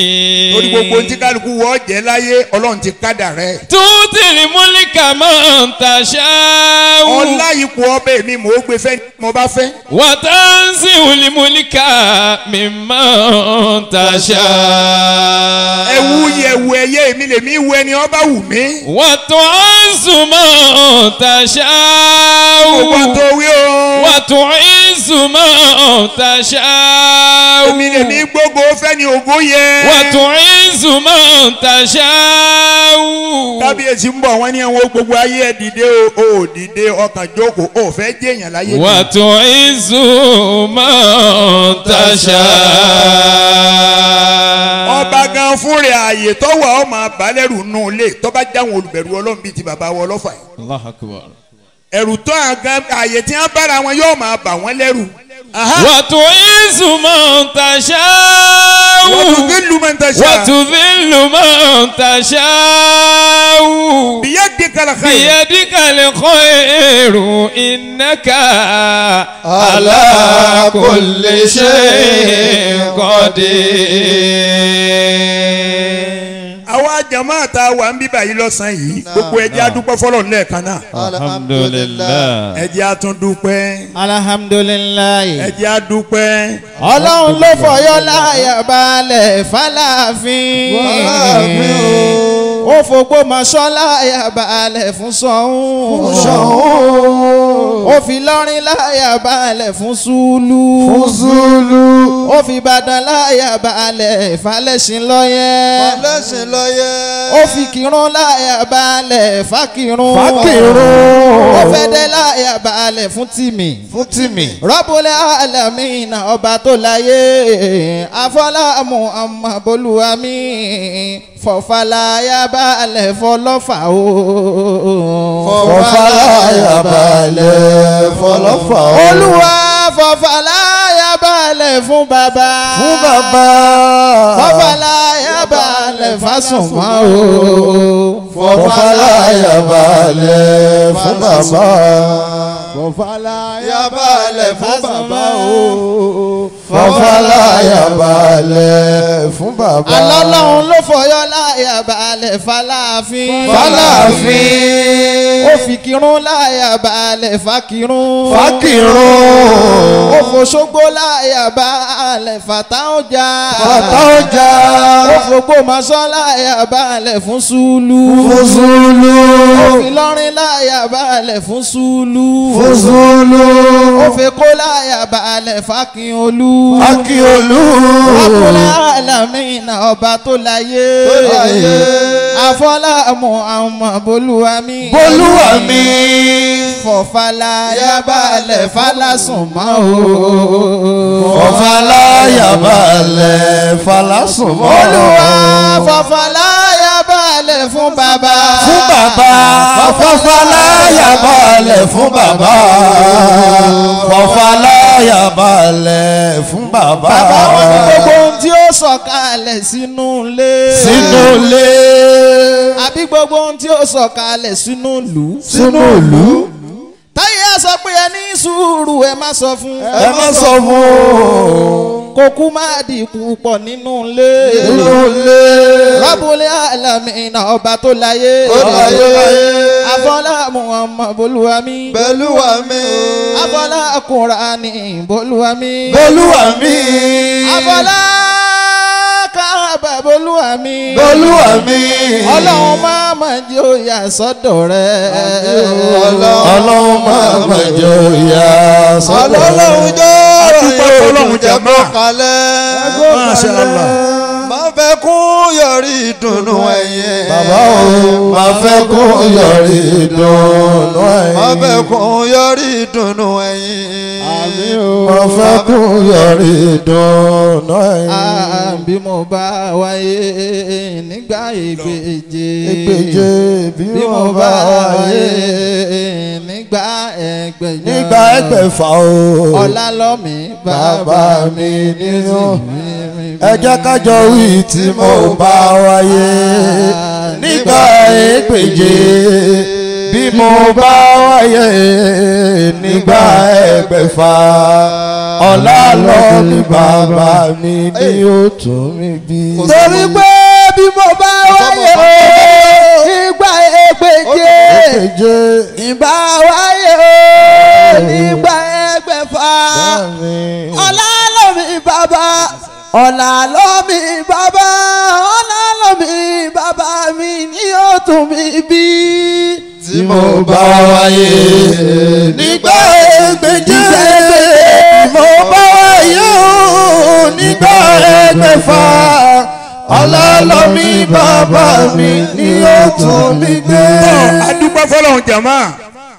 torí gbogbo ohun tí kálukú wọ́ jẹ́ láyé ọlọ́run ti kádà rẹ̀. tuuti lè múlíkà máa ń tàṣà. ọlá ipò ọbẹ̀ mi mò ń gbé fẹ́ mo bá fẹ́. wàtánsì lè múlíkà mi máa ń tàṣà. ẹ̀wù yẹ̀wù ẹ̀yẹ mi lèmi wẹ ni ọba wù mí. wọ́n tó ń sùn mọ́ tàṣà. gbogbo àtọ̀wé o wà tún ìzùmọ̀ tàṣà. èmi lè ní gbogbo fẹ́ni ògo yẹ. wà tún ìzùmọ̀ tàṣà. kábíyèsí ń bọ̀ wọ́n ní àwọn gbogbo ayé ẹ̀ dìde o ò dìde ọkàn jókòó ò fẹ́ jẹ́yàn láyé. wà tún ìzùmọ̀ tàṣà. ọba gan fún rẹ̀ ààyè tọ́wọ́ ọmọ abalẹ́rù nù lé tọ́ba jáwọn olùbẹ̀rù ọlọ́run bíi ti bàbá wọ ọlọ́fà yìí ẹ̀rù tó àgàn àyè tí wọ́n bára wọn yóò máa bà wọ́n lẹ́rù. wàtò ìsùnmọ̀ ntàṣà wù wàtò bílùmọ̀ ntàṣà wàtò bílùmọ̀ ntàṣà wù. bìyẹ́ di kàlẹ́ kọ́ èrò. bìyẹ́ di kàlẹ́ kọ́ èrò ìnáka ala kulli shay jama ta wà ń bíbà yìí lọ́sàn-án yìí gbogbo ẹjẹ́ adúpẹ́ fọlọ́ nílẹ̀ kan náà. alhamdulilayi. ẹjẹ́ atúndúpẹ́. alhamdulilayi. ẹjẹ́ adúpẹ́. ọlọ́run ló fọyọ́ láyà balẹ̀ fàlàfin. wàhálà mi o ó fògbó mọ́ṣọ́lá àyà balẹ̀ fún Ṣọ̀ún. fún Ṣọ̀ún. ó fi lọ́rin láyà balẹ̀ fún Zulu. fún Zulu. ó fi Ìbàdàn láyà balẹ̀ falẹ̀sìn lọ́yẹ̀. falẹ̀sìn lọ́yẹ̀. ó fi Kírun láyà balẹ̀ fákírun. fákírun. ó fẹ́dẹ́ láyà balẹ̀ fún tìmì. fún tìmì. rọ́bùlẹ̀ àlàmínà ọba tó láyé àfọlá Muhammad bolúwa mi fọ̀fàlàyà balẹ̀ fọlọ́fà o. fọ̀fàlàyà balẹ̀ fọlọ́fà o. olúwa fọ̀fàlàyà balẹ̀ fún bàbá. fún bàbá. fọ̀fàlàyà balẹ̀ fásùnmá o. fọ̀fàlàyà balẹ̀ fún bàbá. fọ̀fàlàyà balẹ̀ fún bàbá o fọfọlá yàbálẹ̀ fún bàbá. alọ́lọ́run ló fọyọ́ láyàbálẹ̀ fàlàfin. fàlàfin ó fi kirun láyà balẹ̀ fakirun. fakirun. ó fòṣogbó láyà balẹ̀ fàtàọ̀jà. fàtàọ̀jà. ó fògbó masọ́ láyà balẹ̀ fún sùúlù. fún sùúlù. ó fi lọ́rin láyà balẹ̀ fún sùúlù. fún sùúlù. ó fi kó láyà balẹ̀ fakinolú. fakinolú. àkùlá àlàmínà ọba tó láyé. tó láyé. àfọlá muhammad bolúwa mi. bolúwa olúwa mi. Fọ̀fàlà yabalẹ̀ falásùn mọ́ o. Fọ̀fàlà yabalẹ̀ falásùn mọ́ o. Olúwa fọ̀fàlà bọ́lẹ̀ fún bàbá. fún bàbá fọfọláyà bọ́lẹ̀ fún bàbá fọfọláyà bọ́lẹ̀ fún bàbá. bàbá wọn ní gbogbo ohun tí ó sọ̀kalẹ̀ sínú ilé. sínú ilé. àbí gbogbo ohun tí ó sọ̀kalẹ̀ sínú ìlú. sínú ìlú sọ pé ẹ ní sùúrù ẹ má sọ fún ẹ má sọ fún kò kú má dìkú pọ̀ nínú ilé nínú ilé Rabbul alamin ọba tó láyé ọláyé afọlá Muhammad bolúwami bolúwami afọlá Kùránì bolúwami bolúwami afọlá bolúwa mi. bolúwa mi. ọlọ́run máa ma jẹ́ òyà sọ́dọ̀ rẹ̀ mọ̀jọ ìyá sọ́kọ̀. ọlọ́run jọ ọ̀rọ̀ ìyẹn jẹ́ mọ́kànlẹ́. Masha Allah. máa fẹ́ kún yọrí ìdùnnú ẹ̀yẹ. bàbá o máa fẹ́ kún yọrí ìdùnnú ẹ̀yìn. máa fẹ́ yọrí ìdùnnú ẹ̀yìn. àmín o yọrí ìdùnnú ẹ̀yìn. bí mo bá wáyé nígbà ìgbèje bí mo bá wáyé nígbà ẹgbẹ̀jọ. nígbà ẹgbẹ̀fà o. ọlá bàbá mi nínú. ẹ jẹ́ ká jọ wí tí mo bá wáyé. nígbà ẹgbẹ̀je bí mo bá wáyé nígbà ẹgbẹ̀fà. ọlá lọ́mí bàbá mi ni ó mi bí. torí pé bí mo bá wáyé ìbá wáyé nígbà ẹgbẹ̀fà ọlá lómi bàbá ọlá lómi bàbá ọlá lómi bàbá mi ní òtún mi bí. tí mo bá wáyé nígbà ẹgbẹ̀jẹ̀ mo bá wáyé nígbà ẹgbẹ̀fà ọlọ́lọ́mí bàbá mi ni ó tún mi gbé. adúpẹ́ fọlọ́run jàmá.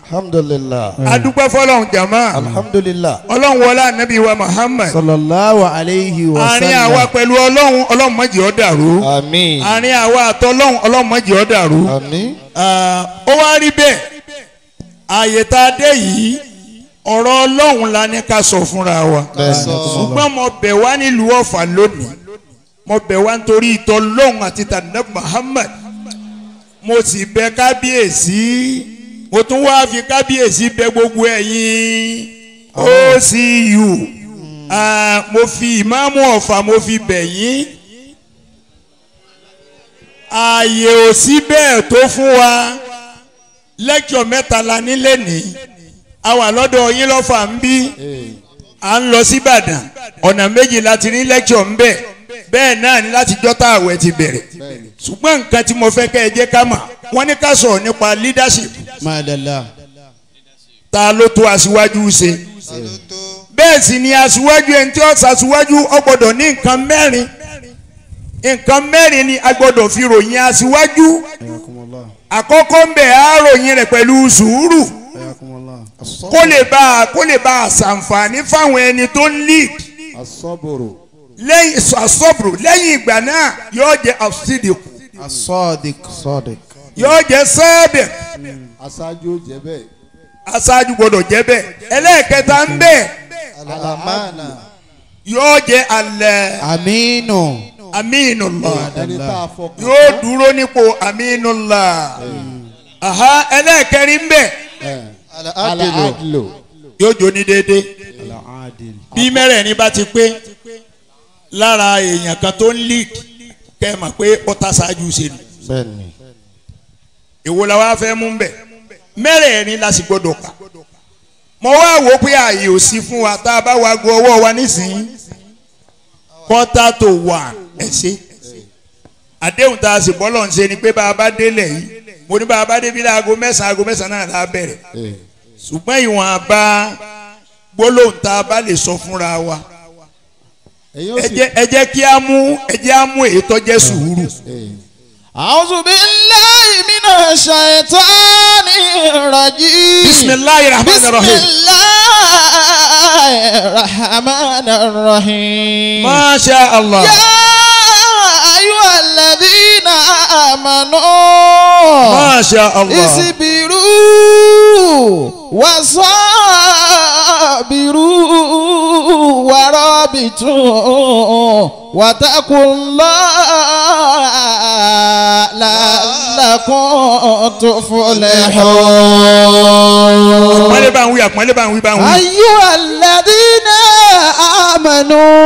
alhamdulilah. adúpẹ́ fọlọ́run jàmá. alhamdulilah. ọlọ́run wọlé anabi wa muhammad. sallallahu alayhi wa sallam. àárín àwa pẹ̀lú ọlọ́run ọlọ́run má jẹ́ ó dàrú. àmín. àárín àwa àtọ́lọ́run ọlọ́run má jẹ́ ó dàrú. àmín. ó wá rí bẹ́ẹ̀ àyè tá a dé yìí ọ̀rọ̀ ọlọ́run la ní ká sọ fúnra wa. ṣùgbọ́n mo bẹ̀ wá nílùú ọ̀fà lónìí mo bẹ̀ wá nítorí ìtọ́lọ́hún àti tànàbí Muhammad mo sì bẹ̀ kábíyèsí mo tún wá fi kábíyèsí bẹ̀ gbogbo ẹ̀yin OCU mo fi ìmáàmù Ọ̀fà mo fi bẹ̀ yín ààyè ò sí bẹ́ẹ̀ tó fún wa lẹ́kìọ̀ mẹ́ta la nílé ní a wà lọ́dọ̀ yín lọ́fà ń bí à ń lọ sí ọ̀nà méjì láti ní lẹ́kìọ̀ ń bẹ́ẹ̀ bẹ́ẹ̀ náà ni láti jọ́tà àwẹ̀ ti bẹ̀rẹ̀ ṣùgbọ́n nǹkan tí mo fẹ́ kẹ́ ẹ jẹ́ ká mà wọ́n ní ká sọ̀rọ̀ nípa leadership. maadala. ta ló tó aṣíwájú ṣe. bẹ́ẹ̀ sì ni aṣíwájú ẹni tí ó ṣaṣíwájú ó gbọ́dọ̀ ní nǹkan mẹ́rin nǹkan mẹ́rin ni a gbọ́dọ̀ fi ròyìn aṣíwájú àkọ́kọ́ ń bẹ̀ á ròyìn rẹ̀ pẹ̀lú sùúrù kó lè bá kó lè bá a ṣàǹfààní fáwọn ẹni tó ń lead lẹ́yìn asọ́bùrù lẹ́yìn ìgbà náà yóò jẹ́ asídìkù. asọ́dìkù sọ́dìkù. yóò jẹ́ sọ́dìkù. Hmm. aṣáájú ó jẹ bẹ́ẹ̀. aṣáájú gbọdọ̀ jẹ bẹ́ẹ̀ ẹlẹ́ẹ̀kẹta ń bẹ. alamana. yóò jẹ́ alẹ́. aminu. aminullah. yóò dúró nípò aminullah. Hmm. aha ẹlẹ́ẹ̀kẹrin ń bẹ. alaadilu. Eh. yóò jó ní déédéé. bí mẹ́rẹ̀ẹ̀rin bá ti pé lára èèyàn kan tó ń leak kẹ́ ẹ mọ̀ pé ọ̀tá ṣáájú ṣe nù. èwo la wá fẹ́ mú bẹ̀ mẹ́rẹ̀ẹ̀rin la sì gbọ́dọ̀ kà mo wá wò ó pé ààyè ò sí fún wa tá a bá wa go ọwọ́ wa nísìnyí kọ́tà tó wà ẹ̀ ṣe àdéhùn tá a sì bọ́lọ̀ ń ṣe ni pé bá a bá délẹ̀ yìí mo ní bá a bá débi láago mẹ́sàn-án aago mẹ́sàn-án náà la bẹ̀rẹ̀ eh. ṣùgbọ́n ìwọ̀n àbá gbólóhùn tá a bá lè sọ fúnra wa ẹ jẹ́ kí a mú ẹ a mú èyí tó jẹ́ sùúrù. Eh. A'udhu billahi minash shaitani rajim. Bismillahir rahmanir rahim. Bismillahir rahmanir rahim. Masha Allah. Yáá. أيها الذين آمنوا ما شاء الله اصبروا وصابروا ورابطوا واتقوا الله لعلكم تفلحون أيها الذين آمنوا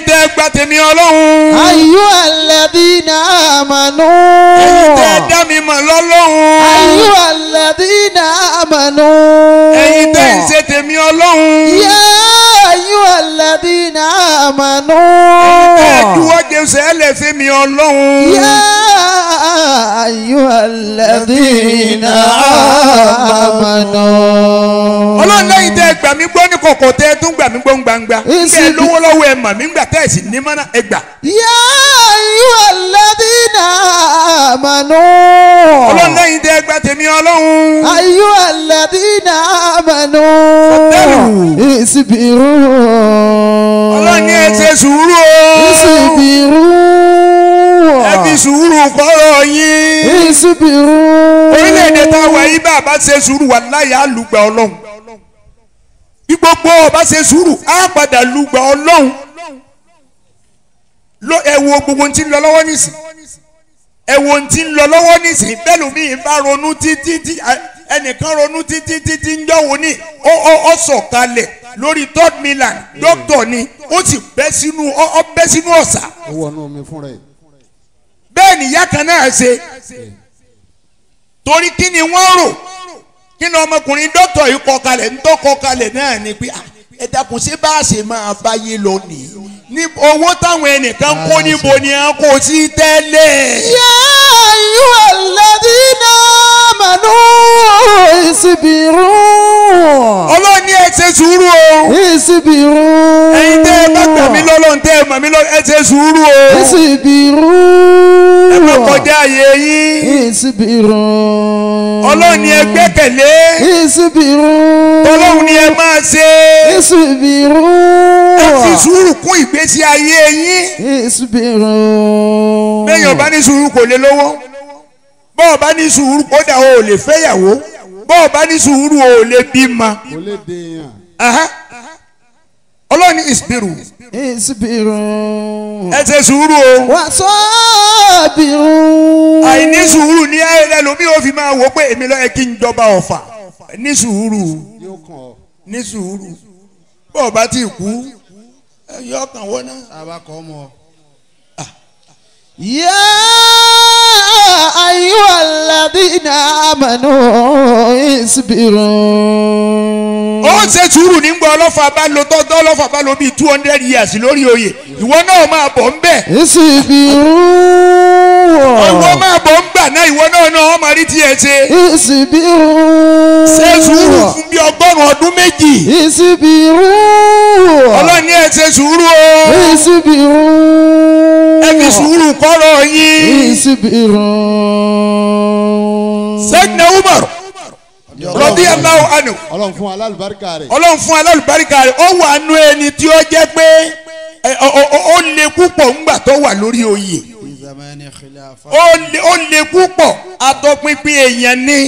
ẹ̀yin tẹ́ gba tèmi ọlọ́run. ayú alladhina amanu. ẹ̀yin tẹ́ dá mi mọ̀ lọ́lọ́run. ayú alladhina amanu. ẹ̀yin tẹ́ ń ṣe tèmi ọlọ́run. yá ayú alladhina amanu. ẹ̀yin tẹ́ dúró jẹ́ sẹ́lẹ̀ fún mi ọlọ́run. yá. أيها الذين آمنوا ọlọ́run lẹ́yìn tẹ́ ẹ gbà mí gbọ́ ní kọ̀kọ̀ tẹ́ ẹ tún gbà mí gbọ́ ń gbangba kẹ́ ẹ lówó lọ́wọ́ ẹ mà mí gbà tẹ́ ẹ sì ní mọ́nà ẹ gbà. yá ayúwa lẹ́dínà àmàlú. ọlọ́run lẹ́yìn tẹ́ ẹ gbà tèmi ọlọ́run. ayúwa lẹ́dínà àmàlú. fọ́tẹ́lù. ìsìbìrú. ọlọ́run ẹ ṣe sùúrù o. ìsìbìrú fi sùúrù kọ́rọ̀ yín. ìsúbìrú. orílẹ̀-èdè táwa yìí bá a bá ṣe sùúrù wà láyé àlùgbà ọlọ́run. bí gbogbo ọba ṣe sùúrù á padà lùgbà ọlọ́run. ẹ wo gbogbo ohun tí ń lọ lọ́wọ́ nísìn. ẹ wo ohun tí ń lọ lọ́wọ́ nísìn. bẹ́ẹ̀ lómi ìbá ronú títí tí ẹnìkan ronú títí títí ń jọ́wọ́ ní ọ sọ̀kalẹ̀ lórí third milan dókítà ni ó sì bẹ́ sínú ọ̀sà. ó wọnú omi fúnra ẹ̀ bẹ́ẹ̀ nìyá kan náà ṣe torí kí ni wọ́n rò kí ni ọmọkùnrin dọ́tọ̀ yìí kọ kalẹ̀ ń tó kọ kalẹ̀ náà ni pé ah, ẹ dákun ṣé bá a ṣe máa báyé lọ nìyí ní owó táwọn ẹnìkan kó ah, níbo ni a kò sí tẹ́lẹ̀. yá ìwà lẹ́dínà mẹ́nu ìsibìrú. ọlọ́run ní ẹ ṣe sùúrù o. ìsibìrú. ẹ̀yin tẹ́ ẹ bá tẹ̀mí lọ́lọ́run tẹ́ ẹ mọ̀ mí lọ́lọ́run ẹ ṣe sùúrù o. ìsibìrú ẹ má kọjá àyè yín. ìsibirun. ọlọ́run ni ẹ gbẹ́kẹ̀lé. ìsibirun. ọlọ́run ni ẹ máa ṣe. ìsibirun. ẹ fi sùúrù kún ìgbésí ayé yín. ìsibirun. bẹ́ẹ̀yàn bá ní sùúrù kò lè lówó bọ́ọ̀ bá ní sùúrù kódà o lè fẹ́yàwó bọ́ọ̀ bá ní sùúrù o lè bímọ. kò lè dèèyàn. ọlọ́run ni ìsibirun. ìsibirun ẹ ṣe sùúrù o. wà á sọ bírun. àìní sùúrù ní ayẹyẹ lomi ò fi máa wò pé èmi lọ́yẹ kí n jọba ọ̀fà ní sùúrù ní sùúrù bó o bá ti kú yọ ọkàn wọ́n àbákọ́ mọ́. yẹ́ẹ́. أيها الذين آمنوا اصبروا ó ṣe sùúrù nígbà ọlọ́fà bá lo tọ́tọ́ ọlọ́fà bá lo bíi two hundred years lórí oyè ìwọ náà máa bọ̀ ń bẹ̀. ìsìbìrú. ìwọ máa bọ̀ ń gbà náà ìwọ náà náà wọ́n máa rí tiẹ̀ ṣe. ìsìbìrú. ṣe sùúrù fún bí ọgọ́rùn-ún ọdún méjì. ìsìbìrú. ọlọ́ni ẹ̀ ṣe sùúrù o. ìsìbìrú ẹ fi sùúrù kọ́rọ̀ yín. ìsibirun. sẹ́yìn umar rọ́bí aláwọ̀ àná. ọlọ́run fún alálùbáríkà rẹ̀. ọlọ́run fún alálùbáríkà rẹ̀ ó wà nú ẹni tí ó jẹ́ pé ó lè púpọ̀ ńgbà tó wà lórí oyè. ó lè púpọ̀ atọ́pinpin èèyàn ni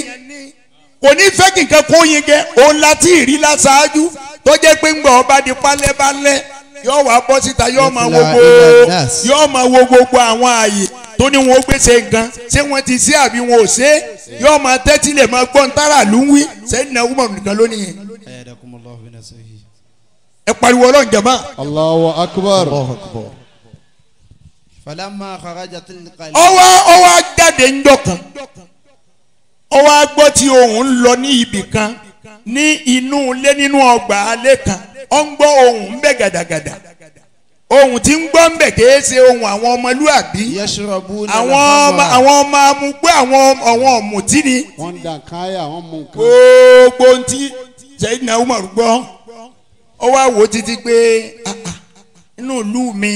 kò ní fẹ́ kí nǹkan kó yin kẹ́ òun láti rí láṣáájú tó jẹ́ pé ńgbà ọba di pálẹ́bálẹ́ yóò wá bọ́ síta yóò máa wo gbogbo yóò máa wo gbogbo àwọn ààyè tó ní wọn ó gbèsè nǹkan ṣé wọn ti ṣe àbí wọn ò ṣe yóò máa tẹ́tí lè máa gbọ́n tára ló ń wí sẹ́yìn náà wúmọ̀ nìkan lónìí yẹn. ẹ pariwo ọlọ́run jẹ̀mọ́. Allahu akbar. Allahu akbar. falama kharaja tilkali. ọwọ́ ọwọ́ jáde ń dọ̀kan ọwọ́ agbọ́ tí òun lọ ní ibì kan. ní inú ilé nínú ọgbà alẹ́ kan ó ń gbọ́ ohùn ń bẹ gàdàgàdà ohun tí ń gbọ́ ń bẹ kìí ṣe ohùn àwọn ọmọlúàbí àwọn ọmọ àwọn ọmọ amúgbó àwọn àwọn ọ̀mùtí ni gbogbo ti Sayyidina Umar gbọ́ ó wá wò ó títí pé ah, ah, inú ìlú mi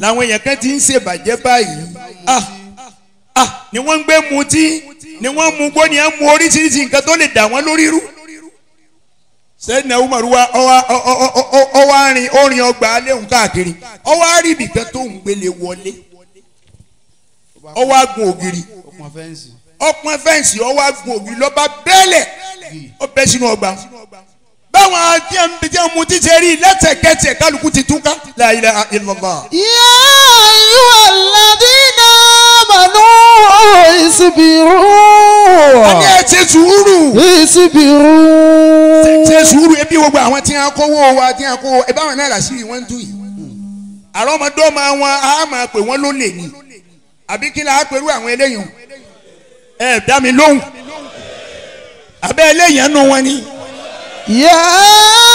làwọn èèyàn kan ti ń ṣèbàjẹ́ báyìí ah, ah ni wọ́n ń gbé mutí ni wọ́n mu ni wọ́n oríṣiríṣi nǹkan tó lè sẹ́yìn Umar wa ọwọ́ rin orin ọgbà aléhùn káàkiri ọwọ́ àríbì kan tó ń gbélé wọlé ọwọ́ agun ògiri ọpọn fẹ́ǹsì ọwọ́ agun ògiri lọ́ba bẹ́ẹ̀lẹ̀ ó bẹ́ sínú ọgbà báwọn àti ẹnbẹjẹ mu ti ṣe rí lẹ́sẹ̀kẹsẹ̀ kálukú ti túká. La ilaha illallah. Ya ayyuhalladhina kánú ìsibirú. wọ́n ní ẹ ṣe sùúrù. ìsibirú. ṣe sùúrù ebi gbogbo àwọn tí wọ́n kówó wa tí wọ́n kówó ẹ báwọn náírà sí wọ́n ń dùn yìí. àrọ́mọdọ́ máa wọn á máa pè wọ́n ló lè ní. àbí kí la á pẹ̀lú àwọn eléyìí. ẹ dá mi lóhùn. àbẹ́ eléyìí ẹnu wọn ni. yẹ́ẹ́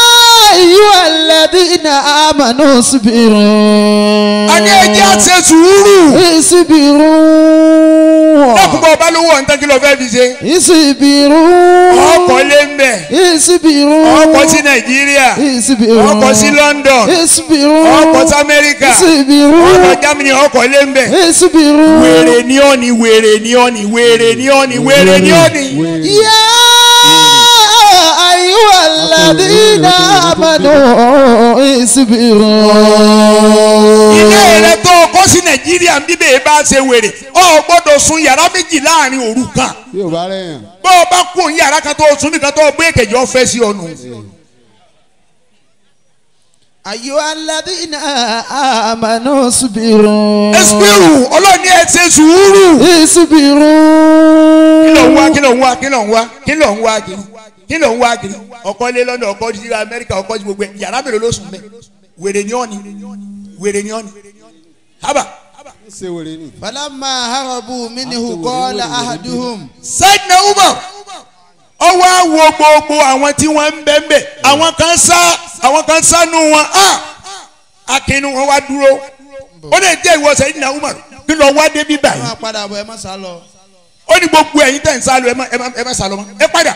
ayyuha alladhina amanu isbiru. adé ẹjẹ́ àṣẹ sùúrù. isbiru. lọ́kùnkùn ọba ló wọ̀ nítorí lọ́ọ́ fẹ́ fi ṣe. isbiru. ọkọ̀ lé ń Isibiru. isbiru. ọkọ̀ sí nàìjíríà. isbiru. ọkọ̀ sí london. isbiru. ọkọ̀ sí amẹ́ríkà. Isibiru. ọkọ̀ germany ọkọ̀ lé ń bẹ̀. isbiru. wèrè ni ọ́ ni wèrè ni ọ́ ni wèrè ni ọ́ ni wèrè ni ọ́ ni. yẹ́ẹ́. أيها الذين آمنوا اصبروا. ilé rẹ tó o kọ́ sí nàìjíríà ń bíbẹ̀ bá ṣe wèrè ọ gbọ́dọ̀ sun yàrá méjì láàrin òru kan. yóò bá rẹ̀ yàn. bó o bá kú òun yàrá kan tó o sùn nìkan tó o gbé èkejì ọ̀fẹ́ sí ọ̀nù. أيها الذين آمنوا اصبروا. اصبروا ọlọ́ni ẹ ṣe sùúrù. اصبروا. kí ló ń wá kí ló ń wá kí ló ń wá kí ló ń wá kí kí ló ń wá kiri ọkọ lé lọ́nà ọkọ sí amẹ́ríkà ọkọ sí gbogbo yàrá mélòó ló sùn bẹ́ẹ̀ wèrè ni ọ́ wèrè ni ọ́ haba. Balama wèrè ni. falamma harabu minhu qala ahaduhum. sayyidina umar ọwọ́ àwo gbogbo àwọn tí wọ́n ń bẹ́ ń bẹ́ àwọn kan sá àwọn kan sánú wọn á akínú wọn wá dúró ó lè jẹ́ ìwọ sayyidina umar kí lọ wá débi báyìí. ó ní gbogbo ẹ̀yin tẹ̀ ń sálọ ẹ má sálọ mọ́ ẹ padà.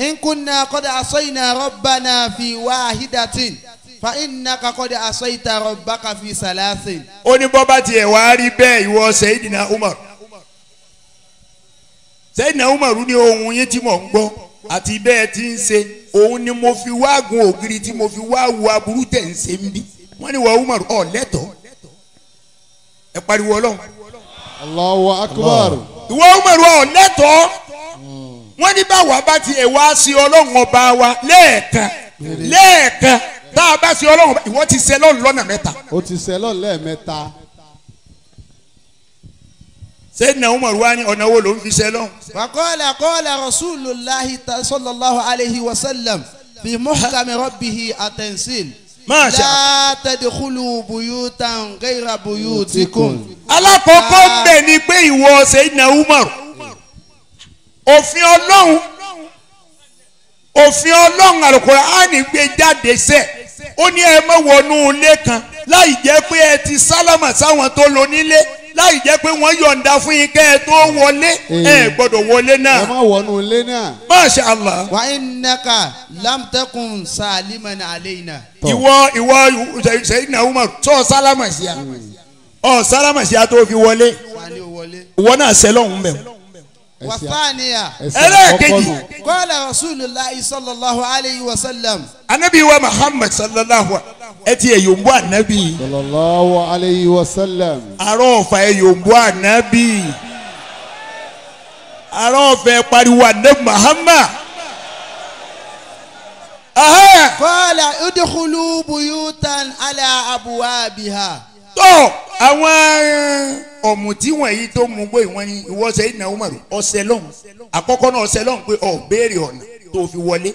إن كنا قد عصينا ربنا في واحدة fa'innaka kọ́ di asọ́yìntà rọ̀bákà fi sàlásìn. ó ní bọ́ bá tiẹ̀ wá rí bẹ́ẹ̀ ìwọ Sayyidina Umar Sayyidina Umar ní ohun yín tí mò ń gbọ́ àti bẹ́ẹ̀ ti ń ṣe òun ni mo fi wá gun ògiri tí mo fi wá wo aburú tẹ̀ ń ṣe ń bí wọ́n ní wọ́n Umar ọ̀ lẹ́tọ̀ọ́ ẹ pariwo ọlọ́run. Allahu akbar. ìwọ Umar ọ̀ lẹ́tọ̀ọ́ wọ́n ní báwa bá ti ẹ̀wá sí ọlọ́run ọba wa lẹ́ẹ̀kan lẹ́ẹ̀kan tá a bá sí ọlọ́run ọba ìwọ ti ṣẹ lọ́nà mẹ́ta. o ti ṣẹ lọ́run lẹ́ẹ̀mẹ́ta. Sayyidina Umar wá ní ọ̀nà wo ló ń fi ṣẹ wàkọ́lá kọ́lá Rasulullahi sallallahu alayhi wa sallam fi muhkami rabbihi at-tanzil. Masha Allah. la tadkhulu buyutan ghayra buyutikum. alákọ̀ọ́kọ́ bẹ̀ ni pé ìwọ Sayyidina Umar òfin ọlọ́run òfin ọlọ́run àlùkùránì gbé jáde sẹ́ ó ní ẹ mọ̀ wọnú ilé kan láì jẹ́ pé ẹ ti sálámà sáwọn tó lo nílé láì jẹ́ pé wọ́n yọ̀ǹda fún yín kẹ́ ẹ tó wọlé ẹ eh. gbọ́dọ̀ wọlé náà. ẹ má wọnú ilé náà. Masha Allah. wa innaka lam takun saliman alayna. ìwọ ìwọ Sayyidina Umar tó sálámà sí a ọ sálámà sí a tó fi wọlé ìwọ náà sẹlọ̀ ń bẹ̀ wàfáàníyà. ẹlẹ́ẹ̀kejì. kọ́lá rasulillah sallallahu alayhi wa sallam. anabi wa muhammad sallallahu ẹtì ẹ̀yọ̀nbó anabi. sallallahu alayhi wa sallam. arọ́ọ̀fà ẹ̀yọ̀nbó anabi. arọ́ọ̀fà pariwo anabi muhammad. kọ́lá udkhulu buyutan ala abuwabiha. tọ́ àwọn eh, ọ̀mùtí wọ̀nyí tó mú gbé ìwọ̀n ni ìwọ́sẹ̀ ìnáwó umaru ọ̀sẹ̀ lọ́hùn àkọ́kọ́ náà ọ̀sẹ̀ lọ́hùn pé ọ̀ béèrè ọ̀nà tó fi wọlé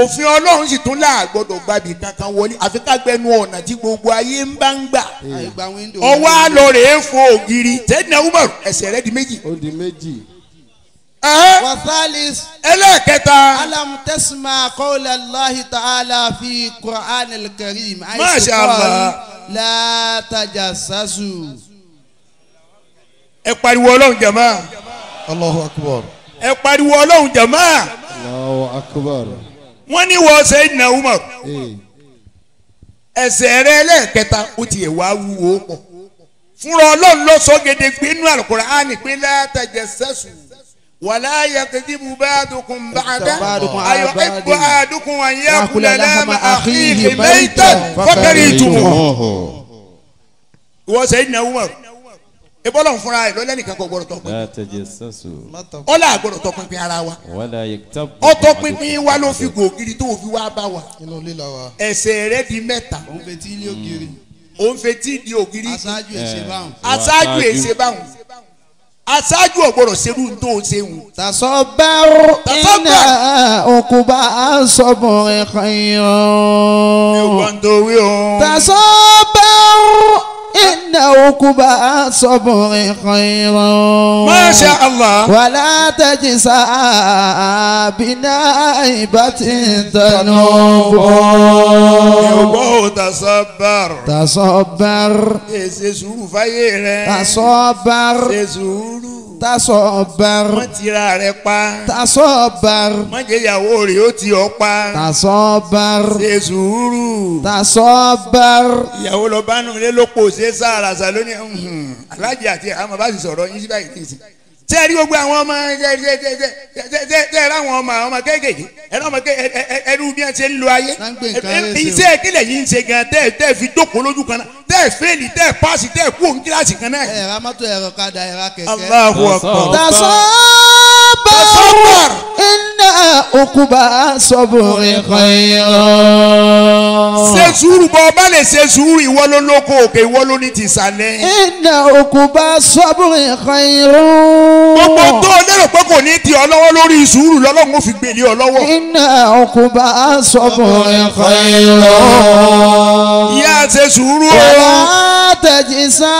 òfin ọlọ́run sì tún láà gbàbí kankan wọlé àfi ọ̀nà tí gbogbo ayé ń bá ń gbà ọwọ́ àlọ́ ògiri wàtálí. ẹlẹ́ẹ̀kẹta. alam tasma qawla Allahi ta'ala fi Qur'an al-Karim. Masha Allah. la tajassasu. ẹ pariwo ọlọ́run jama. Allahu akbar. ẹ pariwo ọlọ́run jama. Allahu akbar. wọ́n ní wọ́n ṣe é na Umar. Eh. ẹsẹ̀ rẹ ẹlẹ́ẹ̀kẹta ó ti wá wúwo pọ̀. fúnra ọlọ́run ló sọ gèdègbè inú Al-Qur'an pé la tajassasu. ولا يكذب بعضكم بعدا أيحب أحدكم أن يأكل لام أخيه ميتا فكرهتموه wọ́n sẹ́yìn náà wọ́n ebọ́lọ̀ fúnra ẹ̀ lọ́lẹ́ nìkan kò gbọ́dọ̀ tọpinpin. láti jẹ sẹ́sù. ọlá àgbọ̀dọ̀ tọpinpin ara wa. wàlá yẹtọ́. ọtọpinpin wa ló fi gògiri tó fi wá bá wa. inú ilé la wa. ẹsẹ̀ rẹ di mẹ́ta. òun fetí ilé ògiri. òun fetí di ògiri. aṣáájú èsè báwọn. aṣáájú èsè báwọn aṣáájú ọ̀gbọ́dọ̀ ṣerú tó ń ṣe wù. tàṣọ́bẹ̀rù iná òkúba àṣọ̀bùnrin kan yìí. mi ò gbọ́n torí o. tàṣọ́bẹ̀rù iná okun bá a sọ̀bùnrin kan irun. Masha Allah. wàlá tẹ̀jì sá àbínà ìbá ti tẹnu bọ̀. yòókù tasabar. tasabar. èsè sùúrù fáyé rẹ. tasabar. èsè sùúrù tasobar. wọ́n ti ra rẹ pa. tasobar. wọ́n jẹ́ ìyàwó rẹ̀ ó ti ọ pa. tasobar. ṣe sùúrù. tasobar. ìyàwó lọ bá nù lé lóko ṣe sára ṣàlóní alájà àti àmọ́ bá sì sọ̀rọ̀ yín síbáyìí kì sí ṣé ẹ rí gbogbo àwọn ọmọ ẹ rá àwọn ọmọ ọmọ kéékèèké ẹ rá ọmọ ẹrú bí wọn ṣe ń lo ayé iṣẹ́ ìkílẹ̀ yìí ń ṣe gan tẹ́ tẹ́ fi jókòó lójú kan náà tẹ́ fẹ́ẹ̀lì tẹ́ paasi tẹ́ kú òun kíláàsì kan náà. ẹ̀rọ amátò ẹ̀rọ kadà ẹ̀rọ kẹ̀kẹ́. Allahu akbar. tasọ́bà tasọ́bà òkúba sọ́bùrì kọ́yọ́. ṣe sùúrù bọ́ ọba lè ṣe sùúrù ìwọ ló lóko òkè ìwọ ló ní tìsàlẹ̀. ìdá òkúba sọ́bùrì kọ́yọ́. gbogbo tó o lérò pé kò ní ti ọ lọ́wọ́ lórí sùúrù lọ́lọ́run ó fi gbèlè ọ lọ́wọ́. ìdá òkúba sọ́bùrì kọ́yọ́ ṣe sùúrù o. wàrà tẹ̀jísà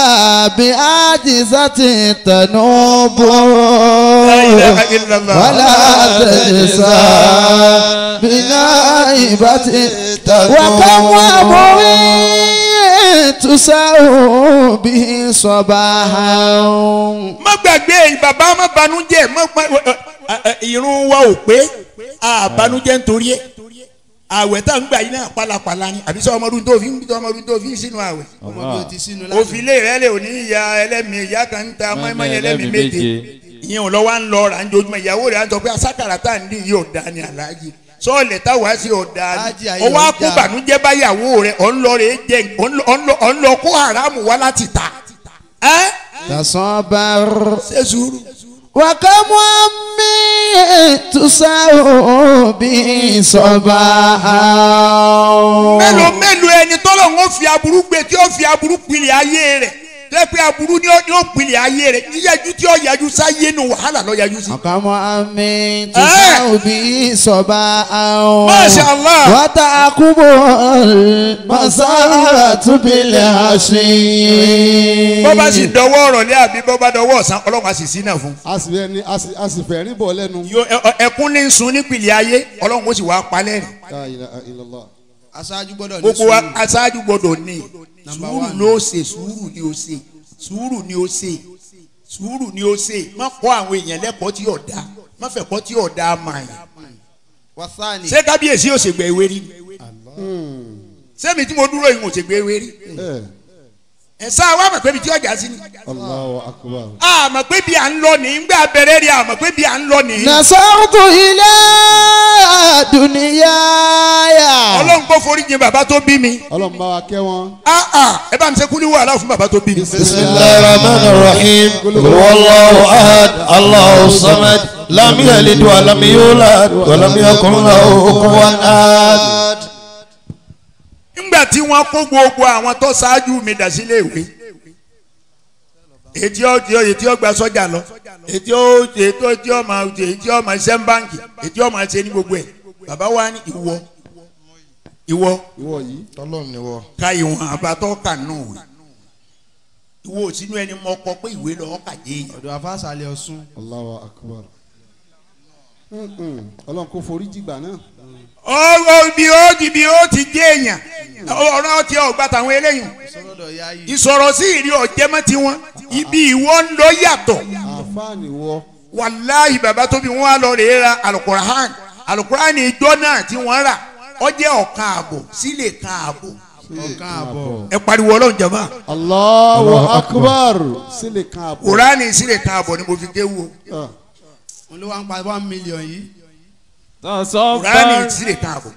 àbí àjíṣà ti tẹ̀nu bọ̀. wàrà tẹ̀jísà bíná ìbá ti tẹ̀nu bọ̀. wàkà wà mórí tusawo bí sọba hàn. má gbàgbé bàbá má banújẹ́ irun wa ò pé àbánújẹ́ nítorí ẹ̀ àwẹ̀ tá ń gbà yín náà pálapàla ni àbí sọ ọmọdún tó fi ń tọ́ ọmọdún tó fi ń sínú àwẹ̀. ọmọdún ti rẹ lè ní ìyá ẹlẹ́mi ìyá kan ń ta mọ́ẹ́mọ́ yẹn ẹlẹ́mi méje ìyẹn ò lọ wá ń lọ rà ń dojúmọ́ ìyàwó rẹ̀ á sọ pé asákàrà tá à ń dín yìí ò da ni àlàyé sọ́ọ̀lẹ̀ táwa sí ọ̀dà ni ó wá kó bànújẹ́ báyàwó rẹ̀ ọ̀nlọ tasọ́bàr. ṣé sùúrù wàkàmú àmì tùsàwò bí sọba. mélòó mélòó ẹni tọ́lọ̀ ń fi aburú gbé tí ó fi aburú pilẹ̀ ayé rẹ̀ lẹ́pẹ́ aburú ni yóò gbilẹ̀ ayé rẹ̀ yíyájú tí yóò yájú sáyé nu wàhálà lọ yájú sí. àkàmọ́ àmì tí sáwọn òbí sọ̀ba àwọn. Masha Allah. wọ́tà àkúbò masára túbílẹ̀ àṣeyìn. bó bá sì dọwọ́ ọ̀rọ̀ ní àbí bó bá dọwọ́ ọ̀sán ọlọ́run a sì sí náà fún. a sì fẹ́ rí bọ̀ lẹ́nu. ẹkún ní sun nípìnlẹ̀ ayé ọlọ́run kò sì wá palẹ̀ rẹ̀. aṣáájú gbọ́dọ̀ ní sùúrù. gbogbo aṣáájú gbọ́dọ̀ ní sùúrù ló se, sùúrù ni ó ṣe sùúrù ni ó ṣe sùúrù ni ó ṣe má kọ́ àwọn èèyàn lẹ́kọ̀ọ́ tí ọ̀dà má fẹ́ kọ́ tí ọ̀dà máa yìí. ṣé kábíyèsí ò ṣègbè ewé rí? sẹ́mi hmm. tí mo dúró yìí mo ṣègbè ewé rí. Eh ẹ̀sán àwọn àmọ̀ pé bí tí ọjà sí ni. Allahu akbar. àmọ̀ pé bí à ń lọ ní ngbà bẹ̀rẹ̀ rí àmọ̀ pé bí à ń lọ ní. nàṣàkù ilé dùnìyàyà. ọlọ́run kò forí jìn bàbá tó bí mi. ọlọ́run bá wa kẹ́ wọn. ẹ bá mi ṣe kúlí wàhálà fún bàbá tó bí mi. bisimilayi rahman rahim wallahu ahad allahu samad lam yalid wa lam yulad tí wọ́n kó gbogbo àwọn tó ṣáájú mi dà sílé ìwé ètí ọjọ ètí ọgbà sọ́jà lọ ètí ọjọ ètí ọjọ ọmọ ọjọ ètí ọmọ iṣẹ ń báǹkì ètí ọmọ ẹsẹ ní gbogbo ẹ bàbá wa ní ìwọ ìwọ ìwọ yìí tọlọ́run ni wọ. ka ìwọn àbátọ kà náà wò ìwọ òsínú ẹni mọ kọ pé ìwé lọ ọkà dé yìí. ọ̀dọ̀ afáàsálẹ̀ ọ̀sùn. Allahu akbar ọlọ́run kò forí jìgbà náà ọ̀rọ̀ ibi ó di ibi ó ti jẹ́ èèyàn ọ̀rọ̀ ọtí ọ̀gbà tàwọn eléyìí ìsọ̀rọ̀ sí ìrí ọ̀jẹ́mọ́ tiwọn ibi ìwọ ń lọ yàtọ̀ wàláhì bàbá tóbi wọn á lọ rèé ra alukurahan alukurahan ìjọ náà tí wọ́n rà ó jẹ́ ọ̀kan ààbò sílẹ̀ kan ààbò ẹ pariwo Ọlọ́run jama. Allahu akbar sílẹ̀ kan ààbò. kùránì sílẹ̀ kan ààbò ni mo fi dé wo. Ah. olúwa ń pa one million yìí kùránì ìsirè káàbọ̀.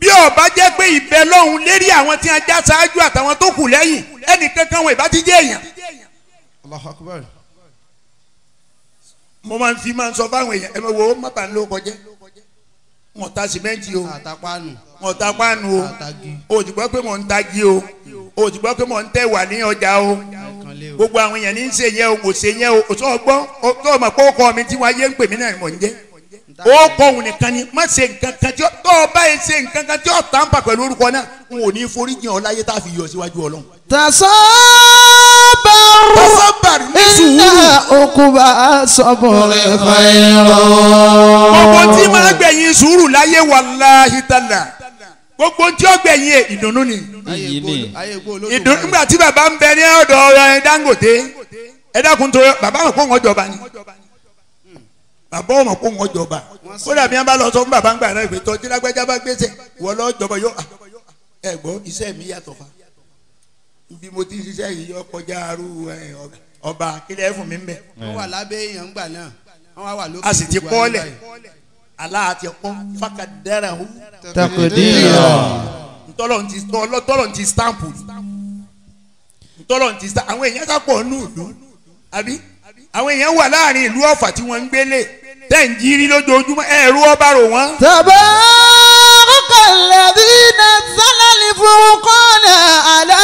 bí ọba jẹ́ pé ìbẹ lọ́hùn lérí àwọn tí a já ṣáájú àtàwọn tó kù lẹ́yìn ẹnì kankan wọn ìbá ti jẹ́ èèyàn. Allahu Akbar. mo máa ń fi máa ń sọ fáwọn èèyàn ẹ máa wo má bàa ń lọ wọn ta simẹnti o wọn ta paanu o o pé mo ń tagi o o pé mo ń tẹ̀wà ní ọjà o gbogbo àwọn èèyàn ní í ṣe yẹn o kò ṣe yẹn o tó gbọ́ tó mọ̀ pé ó kọ́ mi tí wọ́n ayé ń pè mí náà mọ̀ ń jẹ́ ó kọ́ òun nìkan ni má ṣe nǹkan kan tí tó o bá yẹ ṣe nǹkan kan tí ó tàn pa pẹ̀lú orúkọ náà n ò ní forí jìn ọ láyé tá a fi yọ síwájú ọlọ́run. tasabaru tasabaru ní sùúrù. ilé okuba tí máa gbẹ̀yìn sùúrù láyé wàláhìtàlá gbogbo tí ó gbẹ̀yìn ẹ̀ ìdùnnú ni ìdùnnú nígbà tí bàbá ń bẹ ní ọ̀dọ̀ eh, Dangote ẹ dákun tó bàbá mọ̀ kó wọ́n jọba ni bàbá ọmọ kó wọ́n jọba kódà bí wọ́n bá lọ sọ fún bàbá ń gbà náà ìwé tọ́jú lágbájá bá gbèsè wọ́n lọ jọba yóò ah, ẹ gbọ́ iṣẹ́ mi yàtọ̀ fa bí mo ti ṣiṣẹ́ yìí yọ kọjá arú eh, ọba kílẹ̀ fún mi ń bẹ̀. wọ́n wà lábẹ́ èèyàn gbà náà wọ́n wà lókè aláàtì kún fàkàdẹ́rẹ̀ hù. takodiyo. ntọ́lọ̀ ti tọ́lọ̀ ti stamp ntọ́lọ̀ ti stamp àwọn èèyàn sápọ̀ nù ìlú àbí àwọn èèyàn wà láàrin ìlú ọ̀fà tí wọ́n ń gbélé tẹ̀ ń jírí ọba rò wọ́n. tabaraka alladhi nazzala al-furqana ala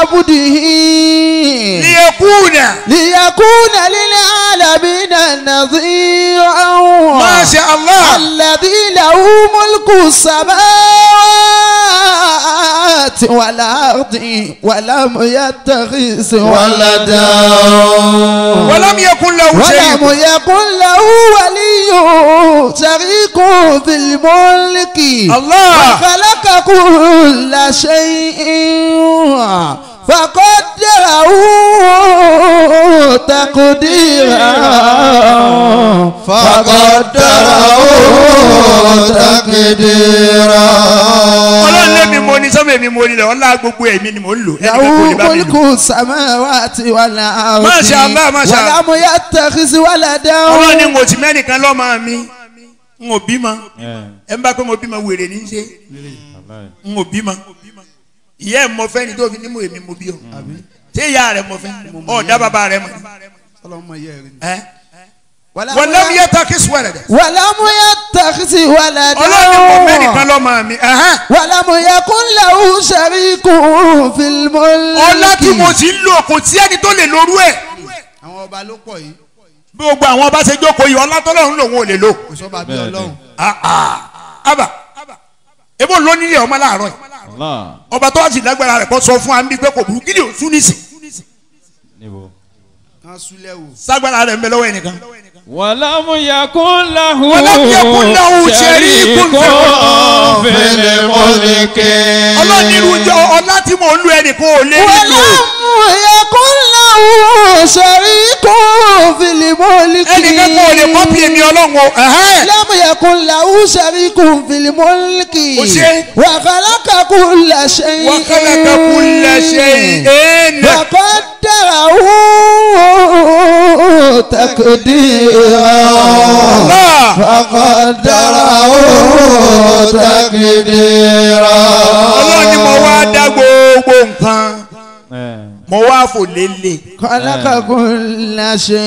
abdihi. liyakuna. liyakuna lil alamin. نظيرا ما شاء الله الذي له ملك السماوات والأرض ولم يتخذ ولدا ولم يكن له ولم يكن له ولي شريك في الملك الله وخلق كل شيء فقدره تقديرا فقدره تقديرا ọlọ́run lèmi mo ní sọ́mọ̀ èmi mo ní lọ ọlá gbogbo èmi ni mo ń lò. yàwó kólíkù samawati wàlà àwòtí masha Allah masha Allah wàlà mo yà tẹ̀kísí wàlà dẹ́wọ́. ọlọ́run ni mo ti mẹ́nìkan lọ́mọ mi n ò bímọ eh. ẹ ń bá pé mo bímọ wèrè ní í ṣe n ò bímọ ìyá ẹ̀ mọ fẹ́ni tó fi nímú èmi mo bí o ṣé ìyá rẹ̀ mọ fẹ́ni ọ̀dà bàbá rẹ̀ mọ. wàlámù yẹ takisi wàlẹ̀ dẹ̀. wàlámù yẹ takisi wàlẹ̀ dẹ̀ o. ọlọ́run mọ fẹ́ni kan lọ́ máa mi. wàlámù yẹ kún lẹ́hùn sẹ́rí kún fílmọ́lì. ọlá tí mo ti ń lò kò sí ẹni tó lè lórú ẹ̀. àwọn ọba ló pọ̀ yìí. bí gbogbo àwọn ọba ṣe jókòó yìí ọlá tọ́lọ́run lòun ò lè lò. kò bí ọlọ́run. àbà ah, ah. ebo lónílé ọmọ láàárọ̀ yìí ọba tó wá sí lágbára rẹ̀ kọ́ sọ fún wa níbi pé kò burú kí ni ò sún nísì. sagbara rẹ̀ ń bẹ ẹnìkan. wàlámù yakun lahu sẹ́rí kún fẹ́lẹ́ mọ́lẹ́kẹ́. ọlọ́ọ̀nì irú jọ ọlá tí mò ń lu ẹnìkan ò lé nílò. wàlámù yakun láwùrán ṣẹ̀rí kó fìlì mọ́lìkì. ẹnìkan kò lè kọ́pì èmi ọlọ́run o. lámùyẹ̀kùn làwùrán ṣẹ̀rí kó fìlì mọ́lìkì. o ṣe. wàkàlàkàkù làṣẹ yìí. wàkàlàkàkù làṣẹ yìí. bàbá dára wó takodi ra. bàbá dára wó takodi ra. ọlọ́run ni mo wá dá gbogbo nǹkan mo wá fò lélẹ̀. kọlákàkùn la ṣe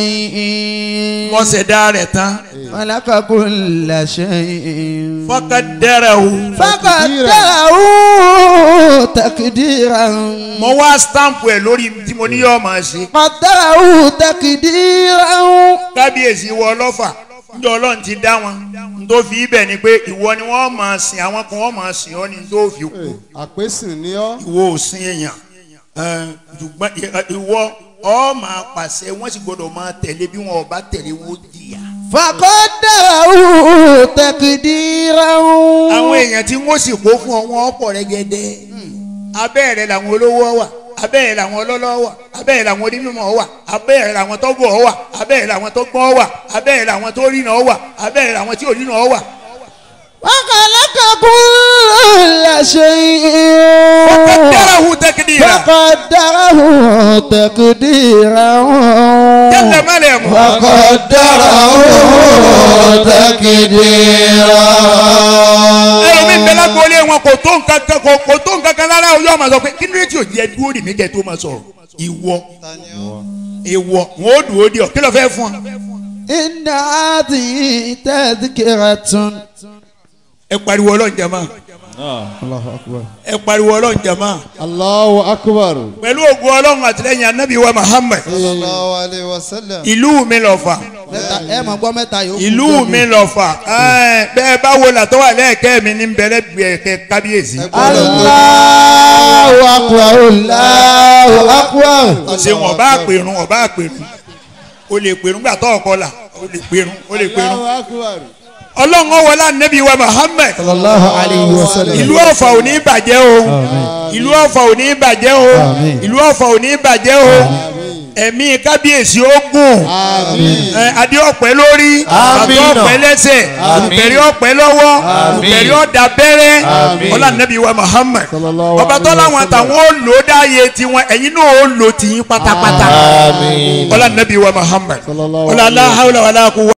é. mo ṣẹ̀dá rẹ̀ tán. kọlákàkùn la ṣe é. fọkàdẹ́rẹ̀ o. fọkàdẹ́rẹ̀ o takidira. mo wá stampu ẹ lórí tí mo ní yóò máa ṣe. fọkàdẹ́rẹ̀ o takidira. kábíyèsí wọ ọlọ́fà njẹ Ọlọ́run ti dá wọn n fi ibẹ̀ ni pé ìwọ ni wọ́n máa sìn àwọn kan wọ́n máa sìn ọ ni n fi kú. Eh, àpèsè ni ọ. ìwọ ò sin èèyàn. Eh, ṣùgbọ́n eh, ìwọ ọ máa pàṣẹ wọ́n sì gbọ́dọ̀ máa tẹ̀lé bí wọn ò bá tẹ̀lé wọ́n jìyà. fàkọ́dàrà ó tẹkìdìrà ó. àwọn èèyàn tí wọ́n sì kó fún ọ wọn pọ̀ rẹ́gẹ́dẹ́ hmm. abẹ́ rẹ̀ làwọn olówó wà abẹ́ rẹ̀ làwọn ọlọ́lọ́ wà abẹ́ rẹ̀ làwọn onímọ̀ wà abẹ́ rẹ̀ làwọn tó bọ̀ wà abẹ́ rẹ̀ làwọn tó gbọ́n wà abẹ́ rẹ̀ làwọn tó rìnà wà abẹ́ rẹ̀ làwọn tí ò rìnà wà وخلق كل شيء وقدره تقديرا وقدره تقديرا جل مريم وقدره تقديرا ẹlòmíì bẹ lágbóolé wọn kò tó nǹkan kan kò tó nǹkan kan lára ọjọ́ máa sọ pé kí ni rétí òjì ẹ dúró dì mí kẹ́ tó máa sọ̀rọ̀ ìwọ ìwọ wọn ò dúró dì ọ kí ló fẹ́ fún ọ. iná àti tẹ́tí kẹrẹ tún ẹ pariwo ọlọ́run jama ẹ pariwo ọlọ́run jama. Allahu akbar. pẹ̀lú ògùn ọlọ́run àtìlẹ́yìn anabi wa Muhammad. sallallahu alayhi wa sallam. ìlú mi l'Ọ̀fà. ẹ mọ̀ gbọ́ mẹ́ta yòókù. ìlú mi l'Ọ̀fà bẹ́ẹ̀ bá wo làtọ́ wà lẹ́ẹ̀kẹ́ mi ní bẹ̀rẹ̀ bẹ̀rẹ̀ kábíyèsí. Allahu akbar Allahu akbar. ṣé wọn bá pèrún wọn bá pèrún o lè pèrún gbàtọ́ ọ̀kọ́ la o lè pèrún o lè pèrún. Allahu akbar ọlọ́run ọwọ́lá nẹ́bí wa muhammed sallallahu alayhi wa sallam ìlú ọ̀fà ò ní bàjẹ́ o ìlú ọ̀fà ò ní bàjẹ́ o ìlú ọ̀fà ò ní bàjẹ́ o ẹ̀mí kábíyèsí ogun adé ọ̀pẹ lórí àtọ́ ọ̀pẹ lẹ́sẹ̀ òkèrè ọ̀pẹ lọ́wọ́ òkèrè ọ̀dà bẹ́rẹ́ ọlá nẹ́bí wa muhammed ọba tó láwọn àtàwọn ò lò dáyé tiwọn ẹ̀yin náà ò lò tìyín pátápátá ọlá nẹ́bí wa muhammed ọlá aláhàwùlà wàlá